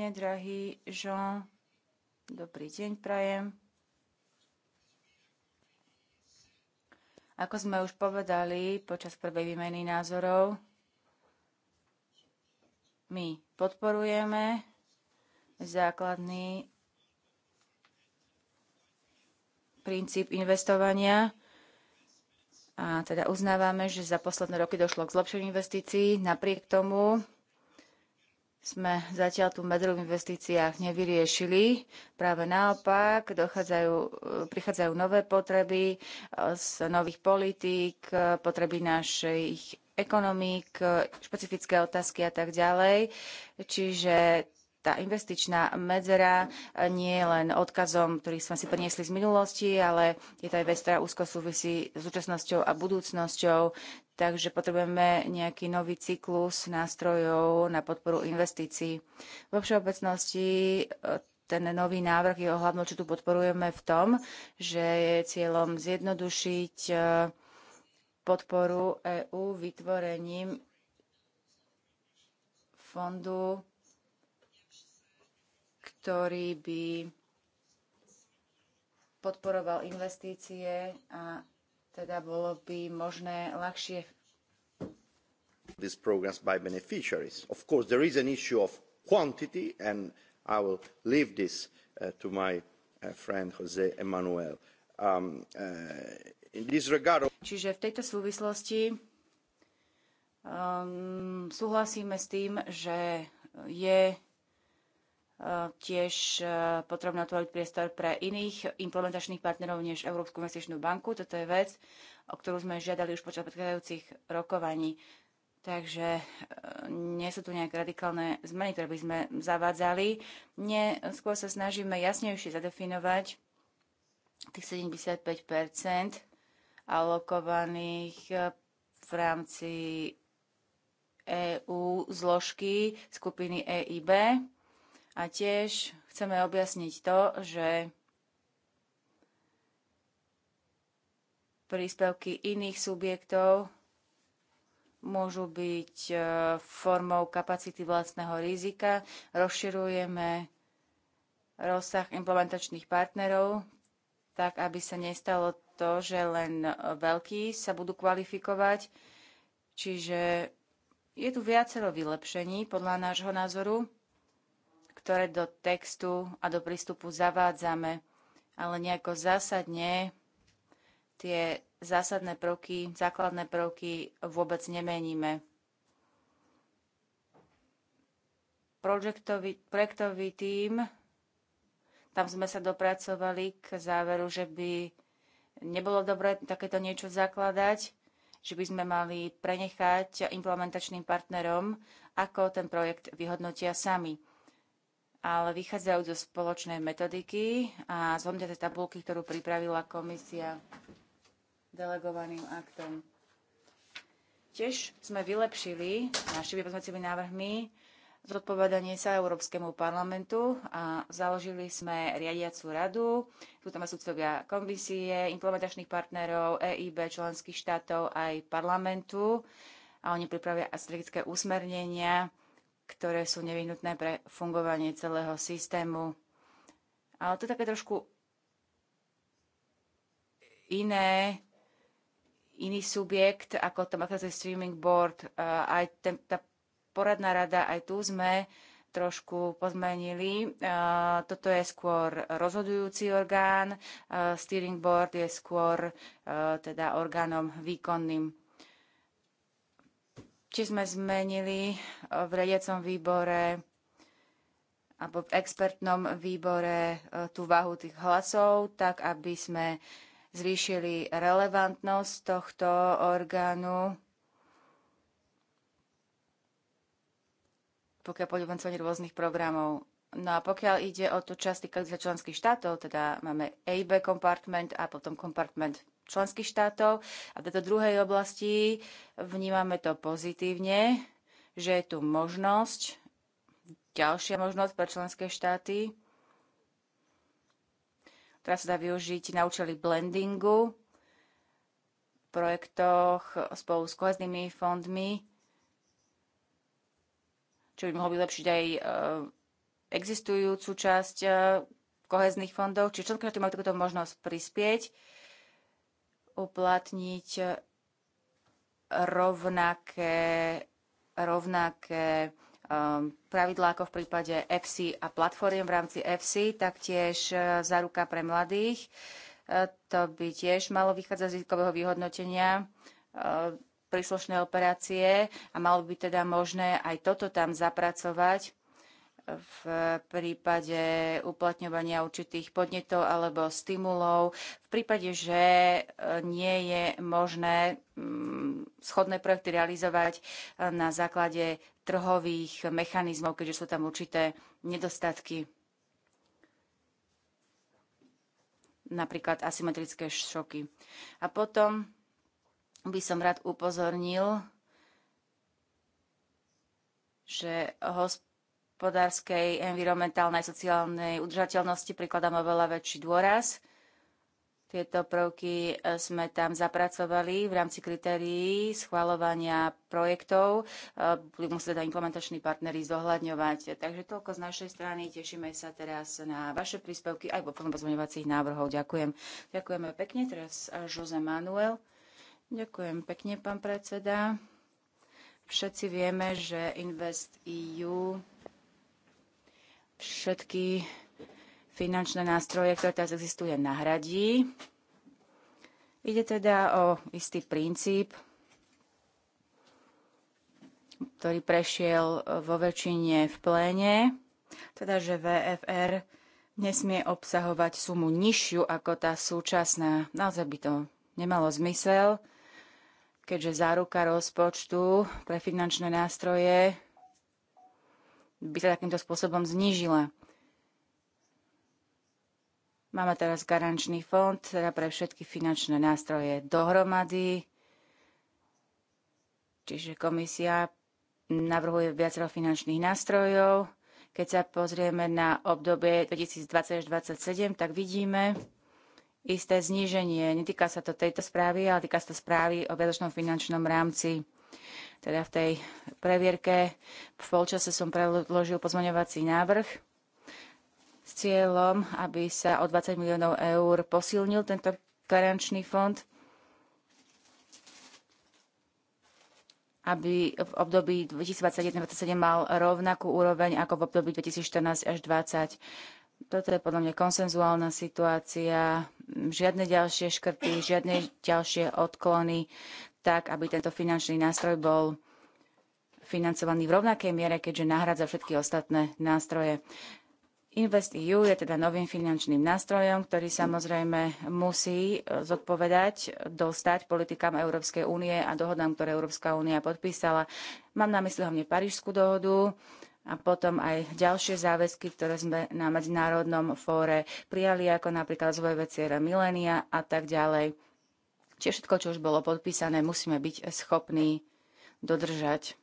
pekne, drahý Jean. Dobrý deň, prajem. Ako sme už povedali počas prvej výmeny názorov, my podporujeme základný princíp investovania a teda uznávame, že za posledné roky došlo k zlepšeniu investícií. Napriek tomu sme zatiaľ tú medru v investíciách nevyriešili. Práve naopak, dochádzajú, prichádzajú nové potreby e, z nových politík, e, potreby našich ekonomík, e, špecifické otázky a tak ďalej. Čiže tá investičná medzera nie je len odkazom, ktorý sme si priniesli z minulosti, ale je to aj vec, ktorá úzko súvisí s súčasnosťou a budúcnosťou. Takže potrebujeme nejaký nový cyklus nástrojov na podporu investícií. Vo všeobecnosti e, ten nový návrh, jeho hlavnú čo tu podporujeme v tom, že je cieľom zjednodušiť e, podporu EÚ vytvorením fondu, ktorý by podporoval investície a teda bolo by možné ľahšie these programs by beneficiaries. Of course, there is an issue of quantity, and I will leave this uh, to my uh, friend Jose Emmanuel. Um, uh, in this regard... Čiže v tejto súvislosti um, súhlasíme s tým, že je tiež e, potrebné otvoriť priestor pre iných implementačných partnerov než Európsku investičnú banku. Toto je vec, o ktorú sme žiadali už počas predchádzajúcich rokovaní. Takže e, nie sú tu nejaké radikálne zmeny, ktoré by sme zavádzali. Nie, skôr sa snažíme jasnejšie zadefinovať tých 75 alokovaných e, v rámci EU zložky skupiny EIB a tiež chceme objasniť to, že príspevky iných subjektov môžu byť e, formou kapacity vlastného rizika. Rozširujeme rozsah implementačných partnerov, tak aby sa nestalo to, že len veľkí sa budú kvalifikovať. Čiže je tu viacero vylepšení podľa nášho názoru ktoré do textu a do prístupu zavádzame, ale nejako zásadne tie zásadné prvky, základné prvky vôbec nemeníme. Projektový, projektový tím, tam sme sa dopracovali k záveru, že by nebolo dobré takéto niečo zakladať, že by sme mali prenechať implementačným partnerom, ako ten projekt vyhodnotia sami ale vychádzajú zo spoločnej metodiky a z tej tabulky, ktorú pripravila komisia delegovaným aktom. Tiež sme vylepšili našimi pozmecimi návrhmi zodpovedanie sa Európskemu parlamentu a založili sme riadiacu radu. Sú tam súdcovia komisie, implementačných partnerov, EIB, členských štátov aj parlamentu a oni pripravia strategické usmernenia ktoré sú nevyhnutné pre fungovanie celého systému. Ale to je také trošku iné, iný subjekt ako to Macrosoft Streaming Board. E, aj ten, tá poradná rada, aj tu sme trošku pozmenili. E, toto je skôr rozhodujúci orgán, e, steering board je skôr teda orgánom výkonným či sme zmenili eh, v riadiacom výbore alebo v expertnom výbore eh, tú váhu tých hlasov, tak aby sme zvýšili relevantnosť tohto orgánu. pokiaľ pôjde financovanie rôznych programov. No a pokiaľ ide o tú časť týkajúca členských štátov, teda máme AB compartment a potom kompartment členských štátov. A v tejto druhej oblasti vnímame to pozitívne, že je tu možnosť, ďalšia možnosť pre členské štáty, ktorá sa dá využiť na účely blendingu v projektoch spolu s koheznými fondmi, čo by mohlo vylepšiť aj e, existujúcu časť e, kohezných fondov, čiže členské štáty majú takúto možnosť prispieť uplatniť e, rovnaké, rovnaké um, pravidlá ako v prípade FC a platformiem v rámci FC, taktiež e, záruka pre mladých. To by tiež malo vychádzať z rizikového vyhodnotenia príslušnej operácie a malo by teda možné aj toto tam zapracovať v prípade uplatňovania určitých podnetov alebo stimulov, v prípade, že e, nie je možné mm, schodné projekty realizovať e, na základe trhových mechanizmov, keďže sú tam určité nedostatky. napríklad asymetrické šoky. A potom by som rád upozornil, že hospodárstvo hospodárskej, environmentálnej, sociálnej udržateľnosti prikladáme veľa väčší dôraz. Tieto prvky e, sme tam zapracovali v rámci kritérií schvalovania projektov. E, budú musieť teda implementační partnery zohľadňovať. Takže toľko z našej strany. Tešíme sa teraz na vaše príspevky aj po plnom pozmeňovacích návrhov. Ďakujem. Ďakujeme pekne. Teraz e, Jose Manuel. Ďakujem pekne, pán predseda. Všetci vieme, že Invest EU všetky finančné nástroje, ktoré teraz existuje, nahradí. Ide teda o istý princíp, ktorý prešiel e, vo väčšine v pléne, teda že VFR nesmie obsahovať sumu nižšiu ako tá súčasná. Naozaj by to nemalo zmysel, keďže záruka rozpočtu pre finančné nástroje by sa takýmto spôsobom znížila. Máme teraz garančný fond, teda pre všetky finančné nástroje dohromady. Čiže komisia navrhuje viacero finančných nástrojov. Keď sa pozrieme na obdobie 2020 až 2027, tak vidíme isté zníženie. Netýka sa to tejto správy, ale týka sa to správy o viadočnom finančnom rámci teda v tej previerke v polčase som predložil pozmaňovací návrh s cieľom, aby sa o 20 miliónov eur posilnil tento garančný fond, aby v období 2021-2027 mal rovnakú úroveň ako v období 2014 až 2020. Toto je podľa mňa konsenzuálna situácia, žiadne ďalšie škrty, žiadne ďalšie odklony tak aby tento finančný nástroj bol financovaný v rovnakej miere, keďže nahradza všetky ostatné nástroje. InvestEU je teda novým finančným nástrojom, ktorý samozrejme musí e, zodpovedať, dostať politikám Európskej únie a dohodám, ktoré Európska únia podpísala. Mám na mysli hlavne Parížskú dohodu a potom aj ďalšie záväzky, ktoré sme na medzinárodnom fóre prijali, ako napríklad rozvojové veciera milénia a tak ďalej. Čiže všetko, čo už bolo podpísané, musíme byť schopní dodržať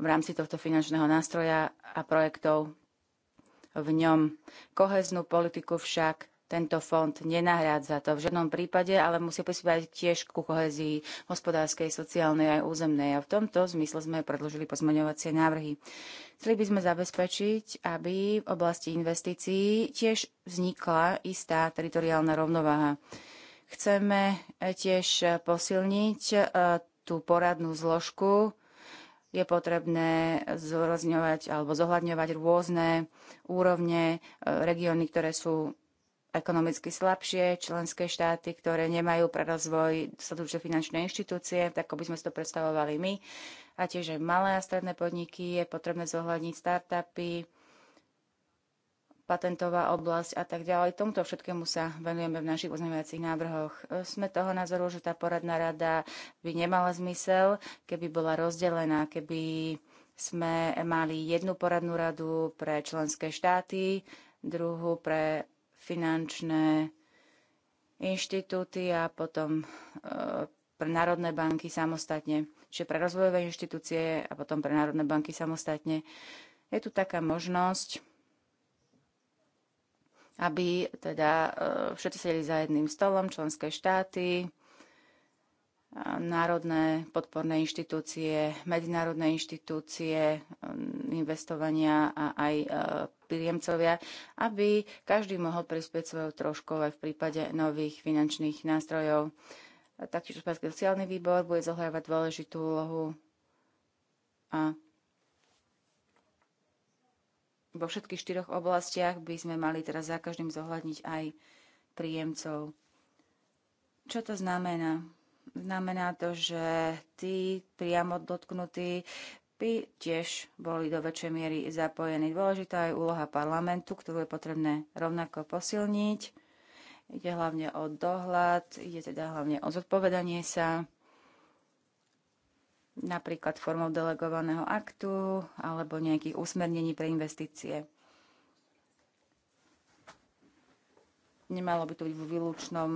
v rámci tohto finančného nástroja a projektov v ňom. Koheznú politiku však tento fond nenahrádza to v žiadnom prípade, ale musí prispievať tiež ku kohezii hospodárskej, sociálnej aj územnej. A v tomto zmysle sme predložili pozmeňovacie návrhy. Chceli by sme zabezpečiť, aby v oblasti investícií tiež vznikla istá teritoriálna rovnováha. Chceme tiež posilniť e, tú poradnú zložku, je potrebné zúrozňovať alebo zohľadňovať rôzne úrovne, e, regióny, ktoré sú ekonomicky slabšie členské štáty, ktoré nemajú pre rozvoj dostatočné finančné inštitúcie, tak ako by sme si to predstavovali my. A tiež aj malé a stredné podniky je potrebné zohľadniť startupy, patentová oblasť a tak ďalej. Tomuto všetkému sa venujeme v našich pozmeňovacích návrhoch. Sme toho názoru, že tá poradná rada by nemala zmysel, keby bola rozdelená, keby sme mali jednu poradnú radu pre členské štáty, druhú pre finančné inštitúty a potom eh, pre národné banky samostatne. Čiže pre rozvojové inštitúcie a potom pre národné banky samostatne. Je tu taká možnosť, aby teda eh, všetci sedeli za jedným stolom, členské štáty, národné podporné inštitúcie, medzinárodné inštitúcie um, investovania a aj e, príjemcovia, aby každý mohol prispieť svojou troškou aj v prípade nových finančných nástrojov. Taktiež Hospodársky sociálny výbor bude zohrávať dôležitú úlohu a vo všetkých štyroch oblastiach by sme mali teraz za každým zohľadniť aj príjemcov. Čo to znamená? Znamená to, že tí priamo dotknutí by tiež boli do väčšej miery zapojení. Dôležitá je úloha parlamentu, ktorú je potrebné rovnako posilniť. Ide hlavne o dohľad, ide teda hlavne o zodpovedanie sa, napríklad formou delegovaného aktu alebo nejakých usmernení pre investície. Nemalo by to byť v výlučnom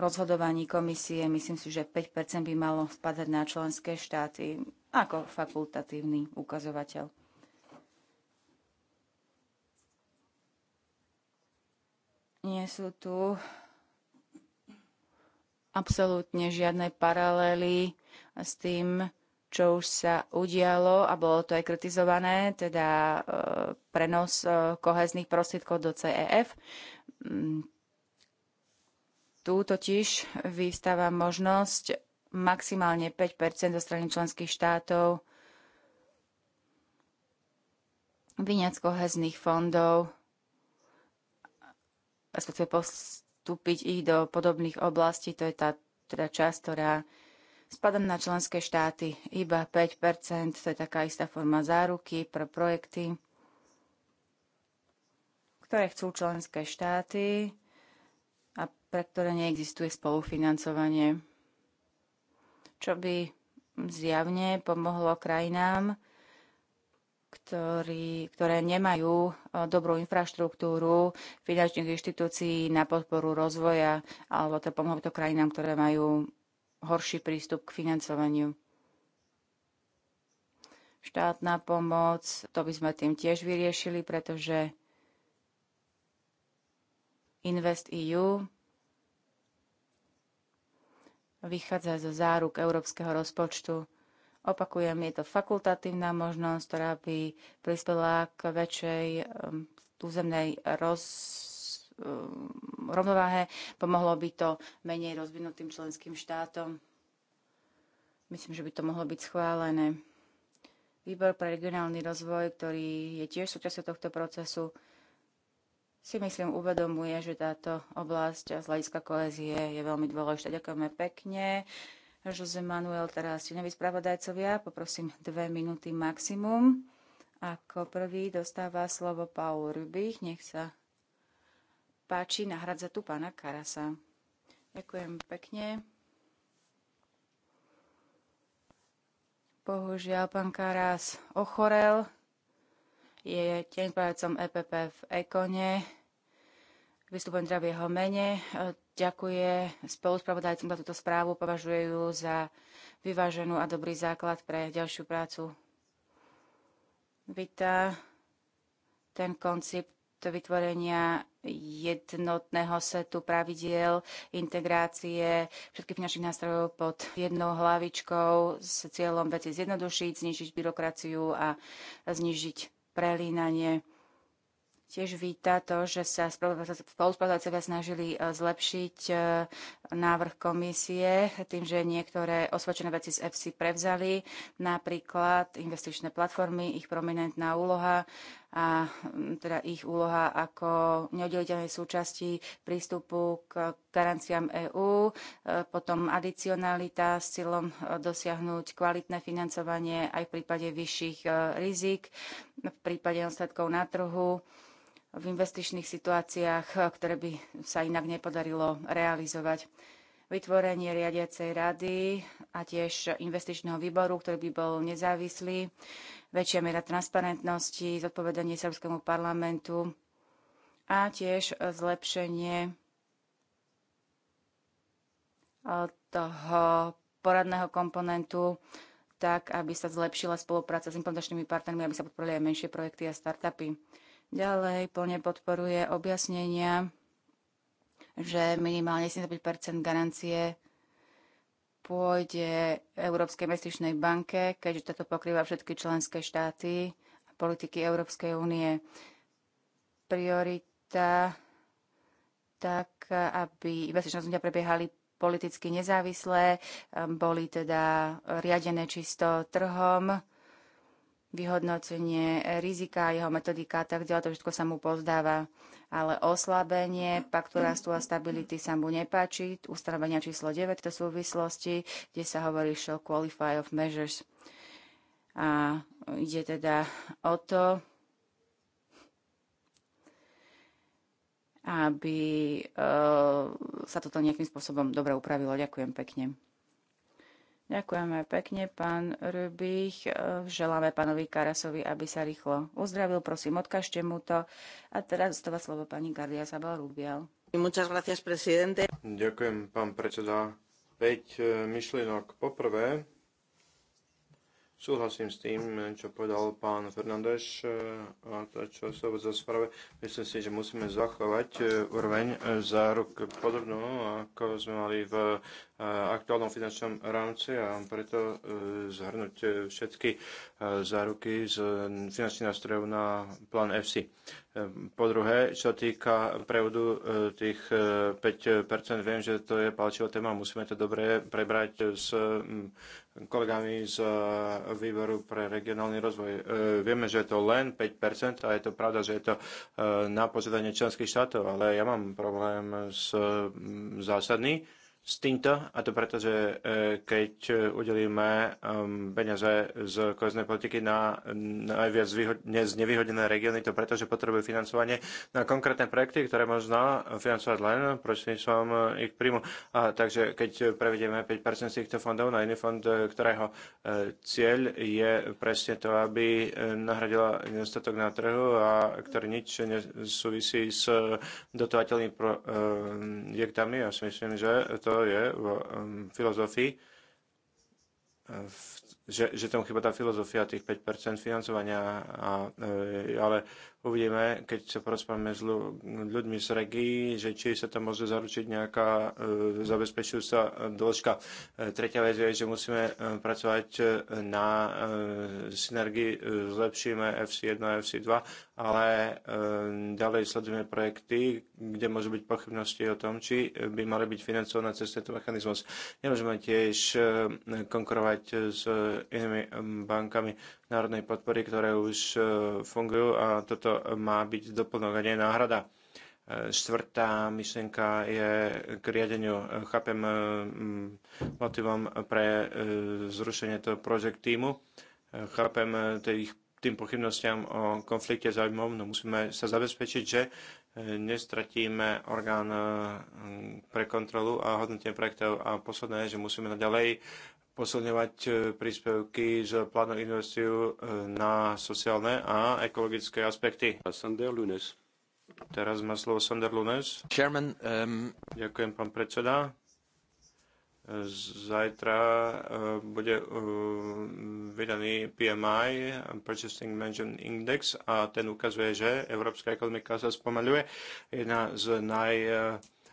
rozhodovaní komisie. Myslím si, že 5 by malo spadať na členské štáty ako fakultatívny ukazovateľ. Nie sú tu absolútne žiadne paralely s tým, čo už sa udialo a bolo to aj kritizované, teda e, prenos e, kohezných prostriedkov do CEF. Mm, tu totiž vystáva možnosť maximálne 5 zo strany členských štátov vyňať z kohezných fondov, respektíve postúpiť ich do podobných oblastí. To je tá teda časť, ktorá spadá na členské štáty. Iba 5 to je taká istá forma záruky pre projekty, ktoré chcú členské štáty pre ktoré neexistuje spolufinancovanie, čo by zjavne pomohlo krajinám, ktorý, ktoré nemajú e, dobrú infraštruktúru finančných inštitúcií na podporu rozvoja, alebo to pomohlo to krajinám, ktoré majú horší prístup k financovaniu. Štátna pomoc, to by sme tým tiež vyriešili, pretože Invest EU vychádza zo záruk európskeho rozpočtu. Opakujem, je to fakultatívna možnosť, ktorá by prispela k väčšej um, územnej roz, um, rovnováhe, pomohlo by to menej rozvinutým členským štátom. Myslím, že by to mohlo byť schválené. Výbor pre regionálny rozvoj, ktorý je tiež súčasťou tohto procesu, si myslím uvedomuje, že táto oblasť z hľadiska koézie je veľmi dôležitá. Ďakujeme pekne. Jose Manuel, teraz tieňoví spravodajcovia, poprosím dve minúty maximum. Ako prvý dostáva slovo Paul Rubich, nech sa páči, nahradza tu pána Karasa. Ďakujem pekne. Bohužiaľ, pán Karas ochorel, je tieň pojacom EPP v Ekone. Vystupujem teda v jeho mene. E, Ďakuje spoluspravodajcom za túto správu, považuje ju za vyváženú a dobrý základ pre ďalšiu prácu. Vita ten koncept vytvorenia jednotného setu pravidiel, integrácie všetkých finančných nástrojov pod jednou hlavičkou s cieľom veci zjednodušiť, znižiť byrokraciu a znižiť prelínanie. Tiež víta to, že sa spolupracovia snažili e, zlepšiť e, návrh komisie tým, že niektoré osvedčené veci z FC prevzali, napríklad investičné platformy, ich prominentná úloha a mm, teda ich úloha ako neoddeliteľnej súčasti prístupu k garanciám EÚ, e, potom adicionalita s cieľom e, dosiahnuť kvalitné financovanie aj v prípade vyšších e, rizik, v prípade ostatkov na trhu, v investičných situáciách, ktoré by sa inak nepodarilo realizovať vytvorenie riadiacej rady a tiež investičného výboru, ktorý by bol nezávislý, väčšia miera transparentnosti, zodpovedanie Srbskému parlamentu a tiež zlepšenie e, toho poradného komponentu, tak aby sa zlepšila spolupráca s implementačnými partnermi, aby sa podporili aj menšie projekty a startupy. Ďalej plne podporuje objasnenia že minimálne 75 garancie pôjde Európskej investičnej banke, keďže toto pokrýva všetky členské štáty a politiky Európskej únie. Priorita tak, aby investičné rozhodnutia prebiehali politicky nezávislé, boli teda riadené čisto trhom, vyhodnotenie rizika, jeho metodika a tak ďalej, to všetko sa mu pozdáva. Ale oslabenie paktu rastu a stability sa mu nepáči, ustanovenia číslo 9 to súvislosti, kde sa hovorí show qualify of measures. A ide teda o to, aby eh, sa toto nejakým spôsobom dobre upravilo. Ďakujem pekne. Ďakujeme pekne, pán Rubich. E, želáme pánovi Karasovi, aby sa rýchlo uzdravil. Prosím, odkažte mu to. A teraz toho slovo pani Gardia Sabal Rubial. Ďakujem, pán predseda. 5 e, myšlienok. Poprvé, súhlasím s tým, čo povedal pán Fernández e, a to, čo sa vôbec správe. Myslím si, že musíme zachovať úroveň záruk podobnú, ako sme mali v E, aktuálnom finančnom rámci a preto e, zhrnúť e, všetky záruky z finančných nástrojov na plán FC. Po druhé, čo týka prevodu tých 5%, viem, že to je palčivá téma, musíme to dobre prebrať s kolegami z výboru pre regionálny rozvoj. Vieme, že je to len 5% a je to pravda, že je to na požiadanie členských štátov, ale ja mám problém s zásadný s týmto, a to preto, že e, keď e, udelíme um, peniaze z kohezné politiky na najviac znevýhodnené regióny, to preto, že potrebujú financovanie na konkrétne projekty, ktoré možno financovať len prostredníctvom e, ich príjmu. A, takže keď prevedieme 5% z týchto fondov na iný fond, ktorého cieľ je presne to, aby nahradila nedostatok na trhu a ktorý nič nesúvisí s dotovateľnými projektami, ja si myslím, že to to je v filozofii, že, že tam chyba tá filozofia tých 5% financovania, a, e, ale Uvidíme, keď sa porozprávame s ľuďmi z regií, že či sa tam môže zaručiť nejaká e, zabezpečujúca dĺžka. E, tretia vec je, že musíme e, pracovať e, na e, synergii, e, zlepšíme FC1 a FC2, ale e, ďalej sledujeme projekty, kde môžu byť pochybnosti o tom, či by mali byť financované cez tento mechanizmus. Nemôžeme tiež konkurovať s inými bankami národnej podpory, ktoré už e, fungujú a toto má byť doplnok a nie náhrada. E, štvrtá myšlienka je k riadeniu. E, chápem motivom pre zrušenie toho projekt týmu. Chápem tých tým pochybnostiam o konflikte zaujímavom, no musíme sa zabezpečiť, že nestratíme orgán pre kontrolu a hodnotenie projektov. A posledné je, že musíme naďalej posilňovať e, príspevky z plánu investiu e, na sociálne a ekologické aspekty. Sander Lunes. Teraz má slovo Sander Lunes. Chairman, um... Ďakujem, pán predseda. E, zajtra bude vydaný PMI, Purchasing Management Index, a ten ukazuje, že európska ekonomika sa spomaluje. Jedna z naj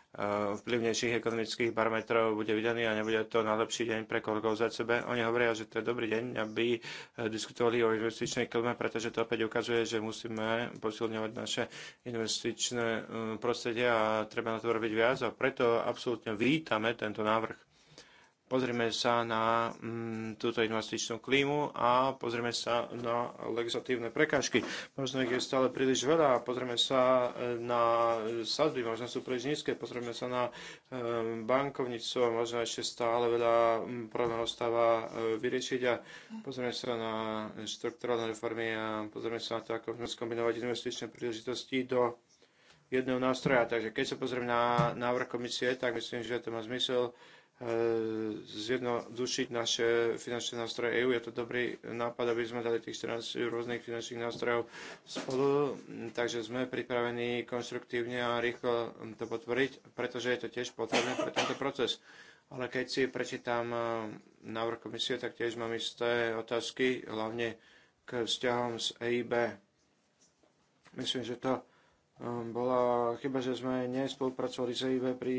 Eh, vplyvnejších ekonomických parametrov bude vydaný a nebude to najlepší deň pre kolegov z ECB. Oni hovoria, že to je dobrý deň, aby eh, diskutovali o investičnej klme, pretože to opäť ukazuje, že musíme posilňovať naše investičné eh, prostredie a treba na to robiť viac a preto absolútne vítame tento návrh. Pozrieme sa na mm, túto investičnú klímu a pozrieme sa na legislatívne prekážky. Možno ich je stále príliš veľa. Pozrieme sa e, na sadby, možno sú príliš nízke. Pozrieme sa na e, bankovníctvo, možno ešte stále veľa mm, problémov stáva e, vyriešiť. A pozrieme sa na štrukturálne reformy a pozrieme sa na to, ako skombinovať investičné príležitosti do jedného nástroja. Takže keď sa pozrieme na návrh komisie, tak myslím, že to má zmysel E, zjednodušiť naše finančné nástroje EU. Je to dobrý nápad, aby sme dali tých 14 rôznych finančných nástrojov spolu, takže sme pripravení konštruktívne a rýchlo to potvoriť, pretože je to tiež potrebné pre tento proces. Ale keď si prečítam e, návrh komisie, tak tiež mám isté otázky, hlavne k vzťahom z EIB. Myslím, že to e, bola chyba, že sme nespolupracovali s EIB pri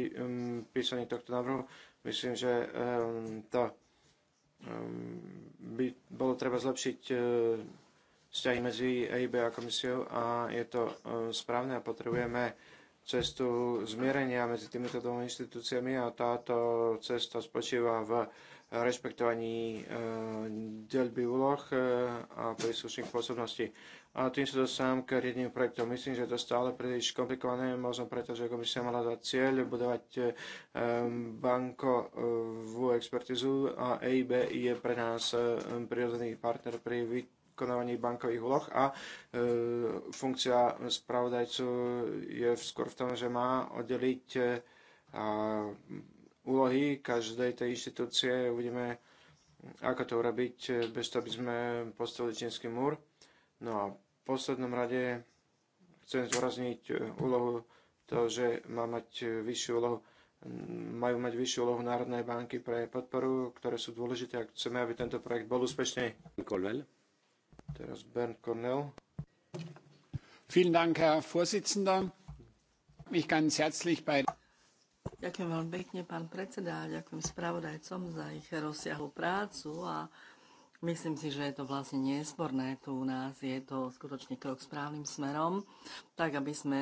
písaní tohto návrhu. Myslím, že ehm, to ehm, by bolo treba zlepšiť e, vzťahy medzi EIB a komisiou a je to ehm, správne a potrebujeme cestu zmierenia medzi týmito dvoma inštitúciami a táto cesta spočíva v rešpektovaní eh, delby úloh eh, a príslušných pôsobností. A tým sa dostávam k riadeniu projektom. Myslím, že je to stále príliš komplikované, možno preto, že komisia mala za cieľ budovať eh, bankovú expertizu a EIB je pre nás prirodzený partner pri vykonávaní bankových úloh a e, funkcia spravodajcu je skôr v tom, že má oddeliť e, a, úlohy každej tej inštitúcie. Uvidíme, ako to urobiť, eh, bez toho, by sme postavili čínsky múr. No a v poslednom rade chcem zvorazniť eh, úlohu to, že má mať eh, vyššiu úlohu, mm, majú mať vyššiu úlohu Národnej banky pre podporu, ktoré sú dôležité, ak chceme, aby tento projekt bol úspešný. Cornell. Teraz Bernd Cornell. Vielen Dank, Herr Vorsitzender. Mich ganz herzlich bei Ďakujem veľmi pekne, pán predseda, a ďakujem spravodajcom za ich rozsiahlu prácu a myslím si, že je to vlastne nesporné. Tu u nás je to skutočne krok správnym smerom, tak aby sme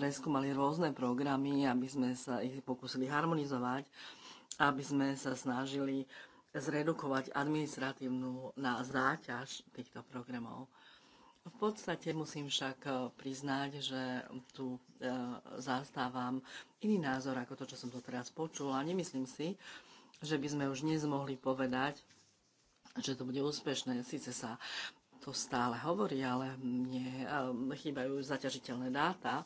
preskúmali rôzne programy, aby sme sa ich pokúsili harmonizovať, aby sme sa snažili zredukovať administratívnu na záťaž týchto programov. V podstate musím však eh, priznať, že tu eh, zastávam iný názor ako to, čo som to teraz počula. Nemyslím si, že by sme už dnes mohli povedať, že to bude úspešné. Sice sa to stále hovorí, ale mne eh, chýbajú zaťažiteľné dáta.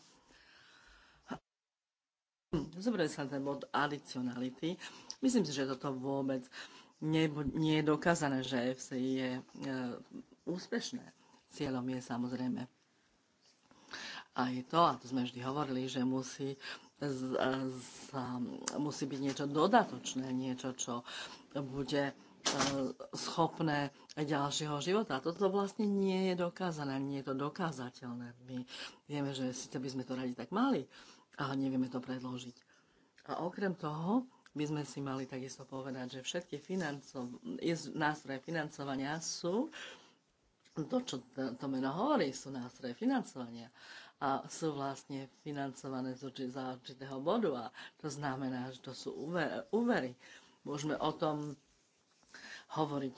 Zobrej sa ten bod adicionality. Myslím si, že toto vôbec nie je dokázané, že FCI je úspešné Cieľom je samozrejme aj to, a to sme vždy hovorili, že musí, z, z, e, musí byť niečo dodatočné, niečo, čo bude e, schopné ďalšieho života. Toto vlastne nie je dokázané, nie je to dokázateľné. My vieme, že síce by sme to radi tak mali, ale nevieme to predložiť. A okrem toho by sme si mali takisto povedať, že všetky financov, nástroje financovania sú uh, to, čo to meno hovorí, sú nástroje financovania a sú vlastne financované z za určitého bodu a to znamená, že to sú úvery. Môžeme o tom hovoriť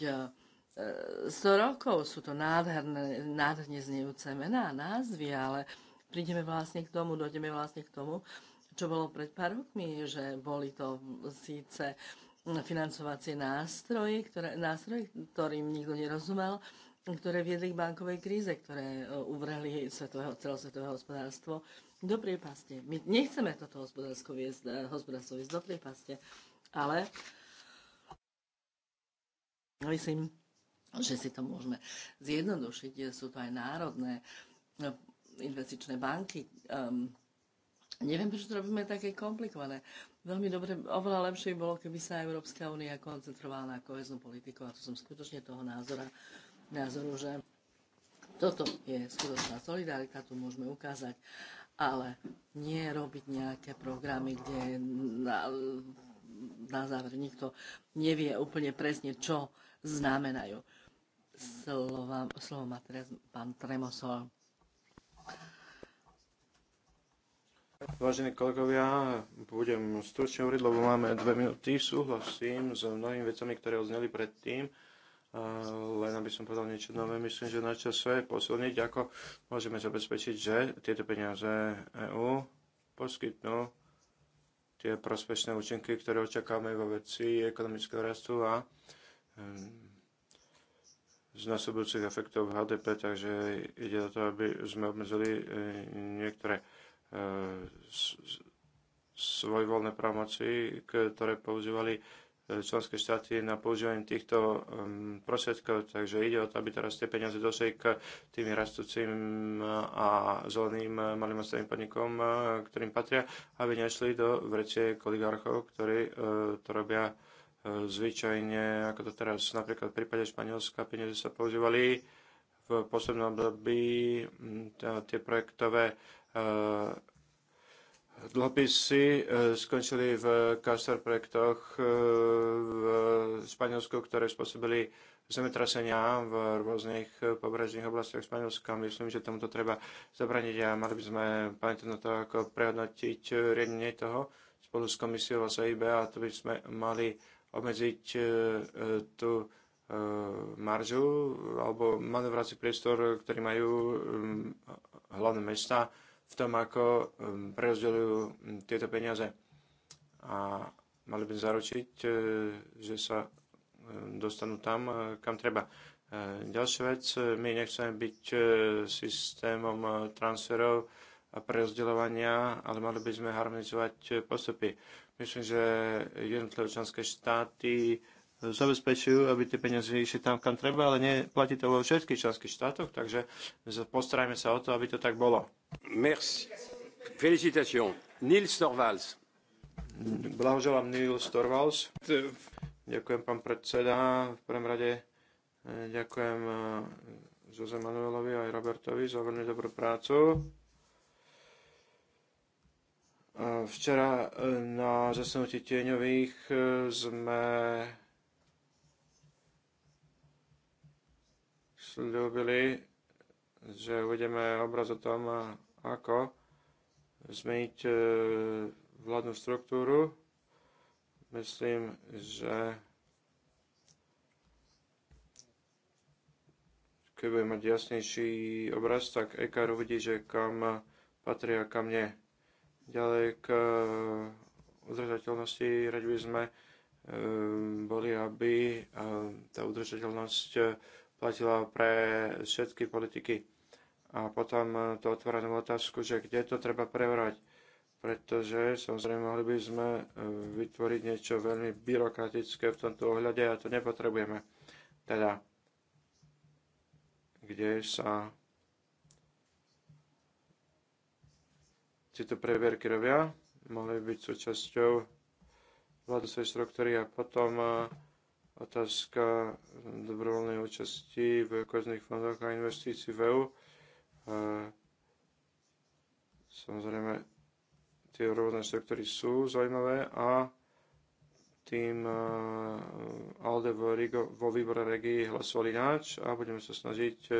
100 e, rokov, sú to nádherné, nádherne znejúce mená, názvy, ale prídeme vlastne k tomu, dojdeme vlastne k tomu, čo bolo pred pár rokmi, že boli to síce financovacie nástroje, ktoré, nástroje, ktorým nikto nerozumel, ktoré viedli k bankovej kríze, ktoré e, uvrhli svetového, celosvetové hospodárstvo do priepaste. My nechceme toto hospodárstvo viesť, e, hospodárstvo viesť do priepaste, ale myslím, že si to môžeme zjednodušiť. Sú to aj národné e, investičné banky. Um, neviem, prečo to robíme také komplikované. Veľmi dobre, oveľa lepšie bolo, keby sa Európska únia koncentrovala na koheznú politiku a to som skutočne toho názora, názoru, že toto je skutočná solidarita, tu môžeme ukázať, ale nie robiť nejaké programy, kde na, na záver nikto nevie úplne presne, čo znamenajú. Slova, slovo má teraz pán Tremosol. Vážení kolegovia, budem stručne hovoriť, lebo máme dve minúty. Súhlasím s mnohými vecami, ktoré odzneli predtým len aby som povedal niečo nové, myslím, že na čase posilniť, ako môžeme zabezpečiť, že tieto peniaze EÚ poskytnú tie prospešné účinky, ktoré očakávame vo veci ekonomického rastu a ehm, z nasobujúcich efektov HDP, takže ide o to, aby sme obmedzili e, niektoré e, svojvoľné právomoci, ktoré používali E, členské štáty na používanie týchto prostriedkov, takže ide o to, aby teraz tie peniaze došli k tým rastúcim a zeleným e, malým a stredným podnikom, e, ktorým patria, aby nešli do vrecie oligarchov, ktorí to robia zvyčajne, ako to teraz napríklad v prípade Španielska, peniaze sa používali v poslednom období tie projektové Dlhopisy e, skončili v kasar projektoch e, v Španielsku, ktoré spôsobili zemetrasenia v rôznych pobrežných oblastiach Španielska. Myslím, že tomuto treba zabraniť a mali by sme pamätať na to, ako prehodnotiť riadenie toho spolu s komisiou a SAIB a to by sme mali obmedziť e, tú maržu alebo manevrací priestor, ktorý majú hlavné mesta v tom, ako um, prerozdeľujú um, tieto peniaze. A mali by zaručiť, uh, že sa um, dostanú tam, uh, kam treba. Uh, ďalšia vec, my nechceme byť systémom transferov a prerozdeľovania, ale mali by sme harmonizovať postupy. Myslím, že jednotlivé členské štáty zabezpečujú, aby tie peniaze išli tam, kam treba, ale neplatí to vo všetkých členských štátoch, takže postarajme sa o to, aby to tak bolo. Merci. Félicitations. Nils Torvalds. Blahoželám Nils Torvalds. Ďakujem, pán predseda. V prvom rade eh, ďakujem eh, Zuzem Manuelovi aj Robertovi za veľmi dobrú prácu. Včera eh, na zasnutí tieňových sme slúbili, že budeme obraz o tom, ako zmeniť e, vládnu štruktúru. Myslím, že keď budeme mať jasnejší obraz, tak EKR uvidí, že kam patrí a kam nie. Ďalej k e, udržateľnosti radi by sme e, boli, aby tá udržateľnosť platila pre všetky politiky. A potom to otváram otázku, že kde to treba prevrať. Pretože samozrejme mohli by sme e, vytvoriť niečo veľmi byrokratické v tomto ohľade a to nepotrebujeme. Teda, kde sa tieto previerky robia, mohli byť súčasťou vládnej struktúry a potom e, otázka dobrovoľnej účasti v kozných fondoch a investícií v EU. Samozrejme, tie rôzne sektory sú zaujímavé a tým e, Alde vo výbore regii hlasovali ináč a budeme sa snažiť e,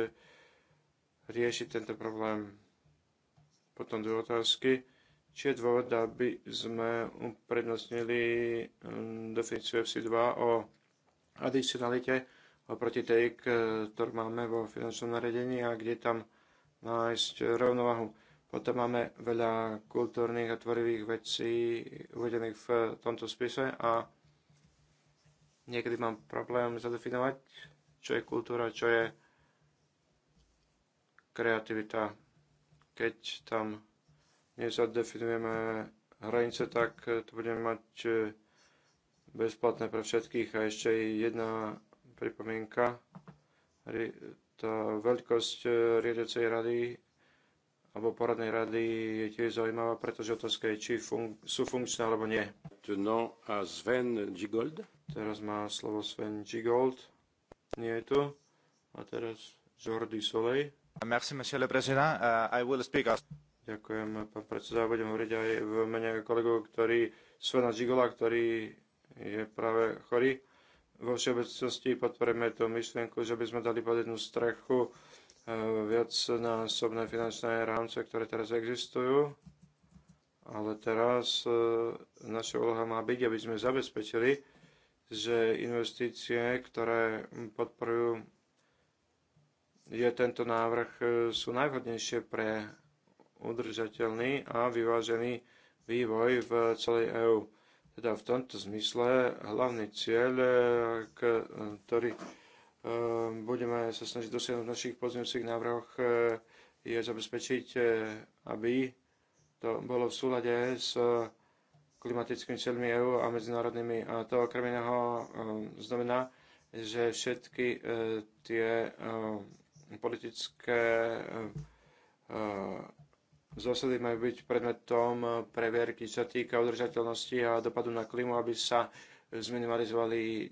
riešiť tento problém. Potom dve otázky. Či je dôvod, aby sme uprednostnili mm, definíciu FC2 o adicionalite oproti tej, ktorú máme vo finančnom naredení a kde tam nájsť rovnovahu. Potom máme veľa kultúrnych a tvorivých vecí uvedených v tomto spise a niekedy mám problém zadefinovať, čo je kultúra, čo je kreativita. Keď tam nezadefinujeme hranice, tak to budeme mať bezplatné pre všetkých. A ešte jedna pripomienka. Tá veľkosť e, riadiacej rady alebo poradnej rady je tiež zaujímavá, pretože otázka je, či fun- sú funkčné alebo nie. A Sven Gigold. Teraz má slovo Sven Gigold. Nie je to. A teraz Jordi Soleil. Merci, monsieur le président. Uh, I will speak as... Ďakujem, pán predseda. Budem hovoriť aj v mene kolegov, ktorý, Svena Gigola, ktorý je práve chorý. Vo všeobecnosti podporujeme tú myšlienku, že by sme dali pod jednu strechu osobné eh, finančné rámce, ktoré teraz existujú. Ale teraz eh, naša úloha má byť, aby sme zabezpečili, že investície, ktoré podporujú je tento návrh, eh, sú najvhodnejšie pre udržateľný a vyvážený vývoj v celej EÚ. Teda v tomto zmysle hlavný cieľ, eh, ktorý eh, budeme sa snažiť dosiahnuť v našich pozmeňujúcich návrhoch, eh, je zabezpečiť, aby to bolo v súlade s klimatickými cieľmi EÚ a medzinárodnými. A to okrem iného znamená, že všetky tie politické zásady majú byť predmetom previerky, čo sa týka udržateľnosti a dopadu na klímu, aby sa zminimalizovali eh,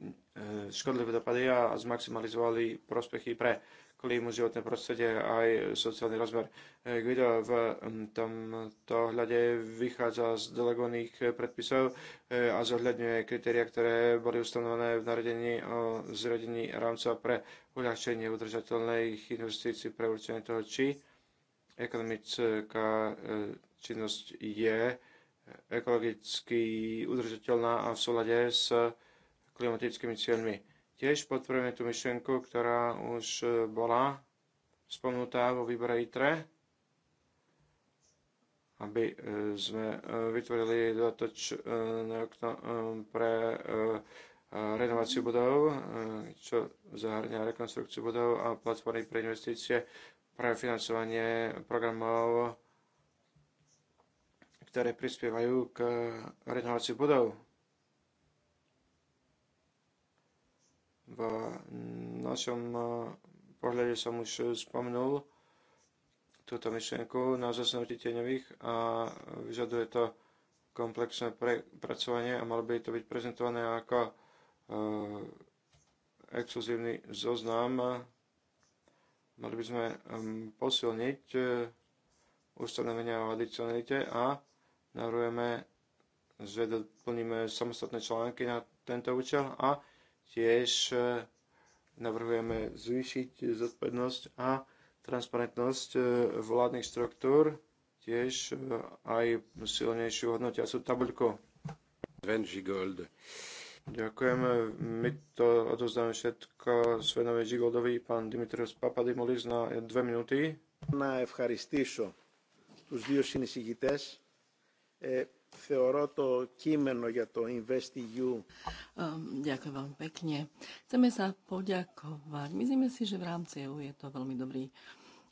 škodlivé dopady a zmaximalizovali prospechy pre klímu, životné prostredie a aj sociálny rozmer. Eh, Guido v hm, tomto hľade vychádza z delegovaných predpisov eh, a zohľadňuje kritéria, ktoré boli ustanovené v naredení o zradení rámca pre uľahčenie udržateľných investícií pre určenie toho, či ekonomická e, činnosť je ekologicky udržateľná a v súlade s klimatickými cieľmi. Tiež podporujeme tú myšlienku, ktorá už bola spomnutá vo výbore ITRE, aby e, sme e, vytvorili dodatočné okno pre renováciu budov, čo zahrňa rekonstrukciu budov a platformy pre investície práve financovanie programov, ktoré prispievajú k renovácii budov. V našom eh, pohľade som už spomenul túto myšlienku na zasnutí tieňových a vyžaduje to komplexné prepracovanie a malo by to byť prezentované ako eh, exkluzívny zoznam Mali by sme ehm, posilniť e, ustanovenia o adicionalite a navrhujeme, že doplníme samostatné články na tento účel a tiež e, navrhujeme zvýšiť zodpovednosť a transparentnosť e, vládnych štruktúr, tiež aj silnejšiu hodnotiacu tabuľku. Sven Gigold. Ďakujem. My to odozdáme všetko Svenovi Žigoldovi, pán Dimitrios Papadimolis na dve minúty. Να ευχαριστήσω τους δύο συνεισηγητές. Ε, θεωρώ το κείμενο για το InvestEU. Ďakujem veľmi pekne. Chceme sa poďakovať. Myslíme si, že v rámci EU je to veľmi dobrý,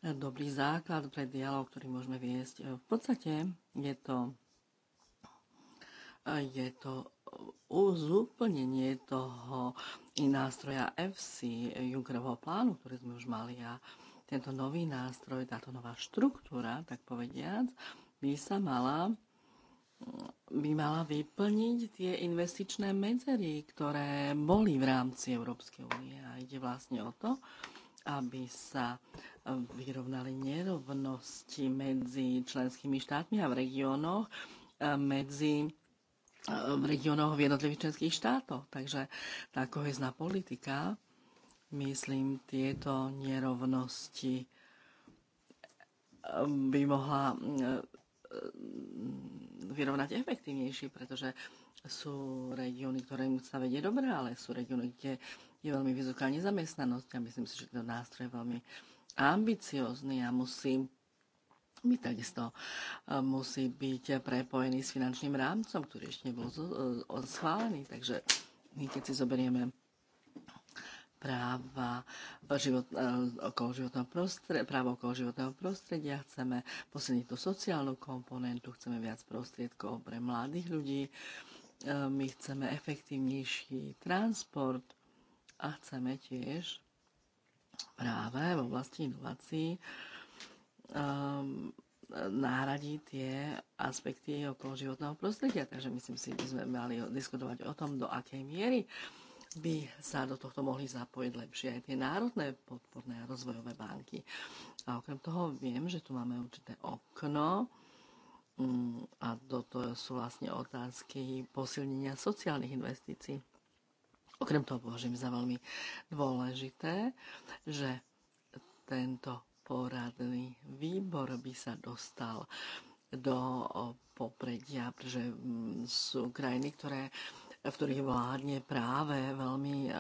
e, dobrý základ pre dialog, ktorý môžeme viesť. E, v podstate je to je to e, uzúplnenie toho nástroja FC e, Junkerovho plánu, ktorý sme už mali a tento nový nástroj, táto nová štruktúra, tak povediac, by sa mala mm, by mala vyplniť tie investičné medzery, ktoré boli v rámci Európskej únie. A ide vlastne o to, aby sa e, vyrovnali nerovnosti medzi členskými štátmi a v regiónoch, medzi v regiónoch v jednotlivých členských štátoch. Takže tá kohezná politika, myslím, tieto nerovnosti eh, by mohla eh, eh, vyrovnať efektívnejšie, pretože sú regióny, im sa vedie dobre, ale sú regióny, kde je veľmi vysoká nezamestnanosť a myslím si, že ten nástroj je veľmi ambiciózny a musím my takisto e, musí byť prepojený s finančným rámcom, ktorý ešte nebol e, schválený. Takže my keď si zoberieme práva život, e, okolo životného prostredia, právo okolo životného prostredia, chceme posilniť tú sociálnu komponentu, chceme viac prostriedkov pre mladých ľudí, my chceme efektívnejší transport a chceme tiež práve v oblasti inovácií um, ehm, náhradí tie aspekty okolo životného prostredia. Takže myslím si, by sme mali diskutovať o tom, do akej miery by sa do tohto mohli zapojiť lepšie aj tie národné podporné a rozvojové banky. A okrem toho viem, že tu máme určité okno mm, a toto sú vlastne otázky posilnenia sociálnych investícií. Okrem toho považujem za veľmi dôležité, že tento poradný výbor by sa dostal do popredia, pretože mm, sú krajiny, ktoré, v ktorých vládne práve veľmi e,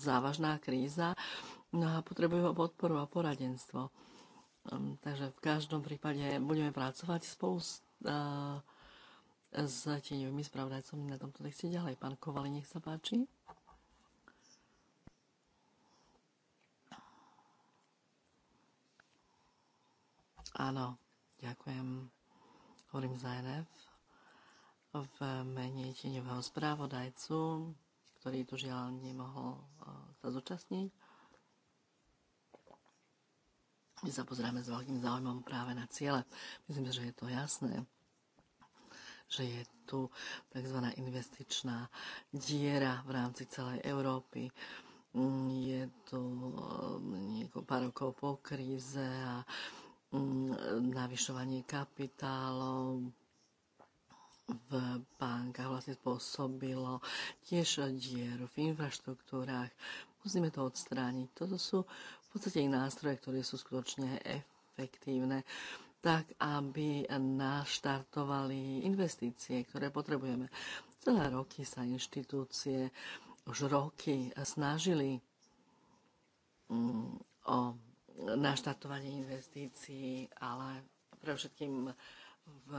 závažná kríza no a potrebujú podporu a poradenstvo. Ehm, takže v každom prípade budeme pracovať spolu s, e, s tieňovými spravodajcami na tomto texte ďalej. Pán Kovali, nech sa páči. Áno, ďakujem. Hovorím za NF v mene tieňového správodajcu, ktorý tu žiaľ nemohol e, sa zúčastniť. My sa pozrieme s veľkým záujmom práve na ciele. Myslím, že je to jasné že je tu tzv. investičná diera v rámci celej Európy. Mm, je tu e, pár rokov po kríze a Mm, navyšovanie kapitálov v bankách vlastne spôsobilo tiež dieru v infraštruktúrách. Musíme to odstrániť. Toto sú v podstate nástroje, ktoré sú skutočne efektívne tak, aby naštartovali investície, ktoré potrebujeme. Celé roky sa inštitúcie už roky snažili mm, o na štartovanie investícií, ale pre všetkým v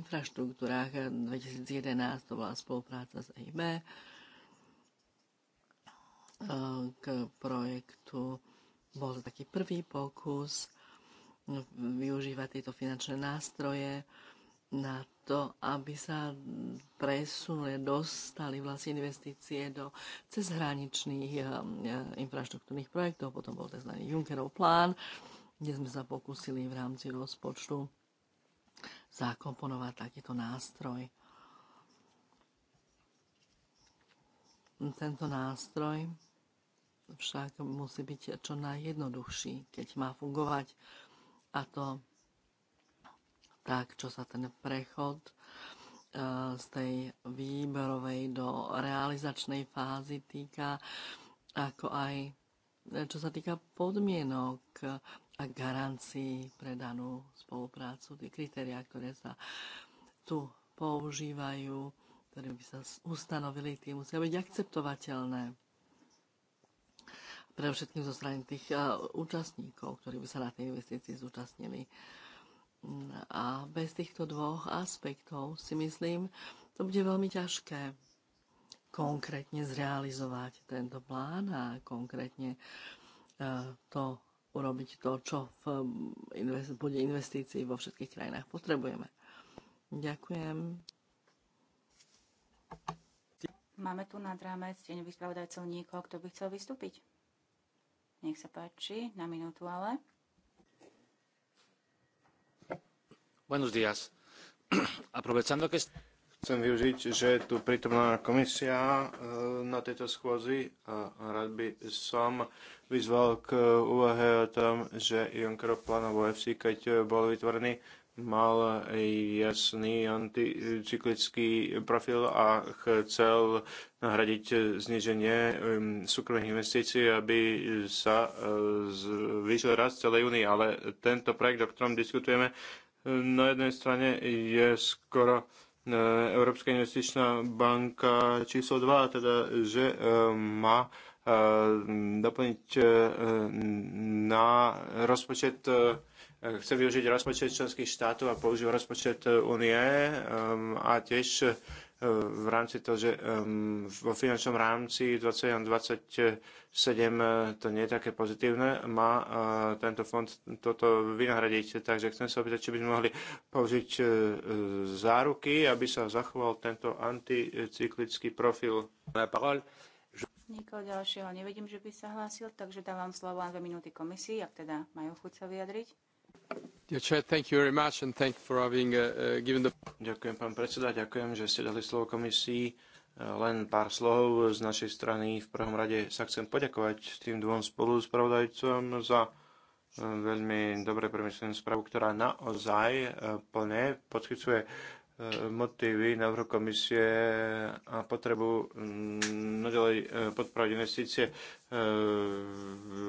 infraštruktúrách 2011 to bola spolupráca s EIB e, k projektu. Bol to taký prvý pokus využívať tieto finančné nástroje na to, aby sa presunuli, dostali vlastne investície do cezhraničných eh, eh, infraštruktúrnych projektov. Potom bol tzv. Junckerov plán, kde sme sa pokúsili v rámci rozpočtu zakomponovať takýto nástroj. Tento nástroj však musí byť čo najjednoduchší, keď má fungovať. A to tak čo sa ten prechod e, z tej výberovej do realizačnej fázy týka, ako aj e, čo sa týka podmienok a garancií pre danú spoluprácu, tie kritériá, ktoré sa tu používajú, ktoré by sa ustanovili, tie musia byť akceptovateľné. Pre všetkých zo strany tých e, účastníkov, ktorí by sa na tej investícii zúčastnili. A bez týchto dvoch aspektov si myslím, to bude veľmi ťažké konkrétne zrealizovať tento plán a konkrétne e, to urobiť to, čo v invest- bude investícií vo všetkých krajinách potrebujeme. Ďakujem. Máme tu na dráme deňových spravodajcov niekoho, kto by chcel vystúpiť. Nech sa páči, na minútu ale. Chcem využiť, že je tu prítomná komisia eh, na tejto schôzi a rád by som vyzval k úvahe o tom, že Junckerov plán alebo FC, keď bol vytvorený, mal jasný anticyklický profil a chcel nahradiť zniženie súkromných investícií, aby sa eh, zvýšil rast celej únie. Ale tento projekt, o ktorom diskutujeme, na jednej strane je skoro e, Európska investičná banka číslo 2, teda že e, má e, doplniť na rozpočet chce využiť rozpočet členských štátov a používa rozpočet únie a tiež E, v rámci toho, že vo finančnom rámci 21-27 e, to nie je také pozitívne, má e, tento fond toto vynahradiť. Takže chcem sa opýtať, či by sme mohli použiť záruky, aby sa zachoval tento anticyklický profil. Nikoho ďalšieho nevidím, že by sa hlásil, takže dávam slovo na dve minúty komisii, ak teda majú chuť sa vyjadriť. Uh, uh, ďakujem, pán predseda, ďakujem, že ste dali slovo komisii. Uh, len pár slov z našej strany. V prvom rade sa chcem poďakovať tým dvom spoluspravodajcom za veľmi dobre premyslenú správu, ktorá naozaj plne podchycuje E, motívy návrhu komisie a potrebu mm, naďalej e, podporovať investície. E,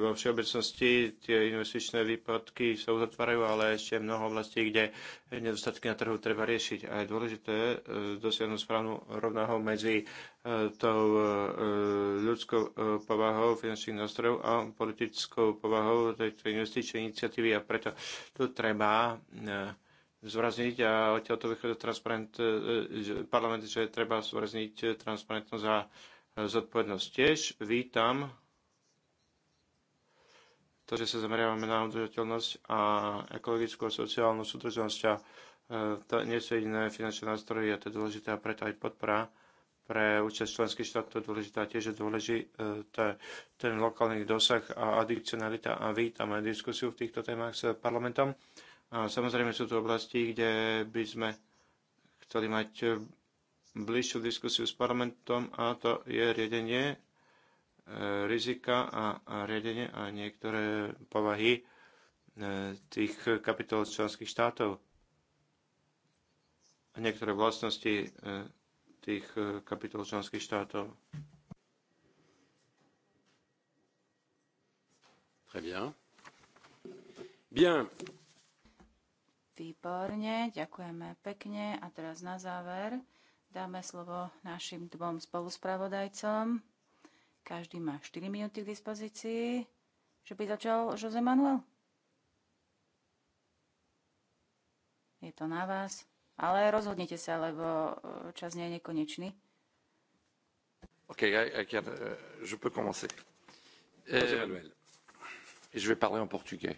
vo všeobecnosti tie investičné výpadky sa uzatvárajú, ale ešte mnoho oblastí, kde nedostatky na trhu treba riešiť. A je dôležité dosiahnuť správnu rovnahu medzi tou ľudskou povahou finančných nástrojov a politickou povahou tejto investičnej iniciatívy a preto tu treba zvrazniť a odtiaľ to vychádza transparent, e, e, parlament, že treba zvrazniť e, transparentnosť a zodpovednosť. Tiež vítam to, že sa zameriavame na udržateľnosť a ekologickú a sociálnu súdržnosť a to nie sú jediné finančné nástroje, a to dôležité a preto aj podpora pre účasť členských štátov dôležitá tiež je dôležité ten lokálny dosah a adicionalita a vítame diskusiu v týchto témach s parlamentom a samozrejme sú tu oblasti, kde by sme chceli mať bližšiu diskusiu s parlamentom a to je riadenie e, rizika a riadenie a niektoré povahy e, tých kapitol členských štátov a niektoré vlastnosti e, tých kapitol členských štátov. Très bien. Bien. Výborne, ďakujeme pekne. A teraz na záver dáme slovo našim dvom spoluspravodajcom. Každý má 4 minúty k dispozícii. Že by začal Jose Manuel? Je to na vás. Ale rozhodnite sa, lebo eh, čas nie je nekonečný. OK, I, I can, uh, je peux commencer. Eh, je vais parler en portugais.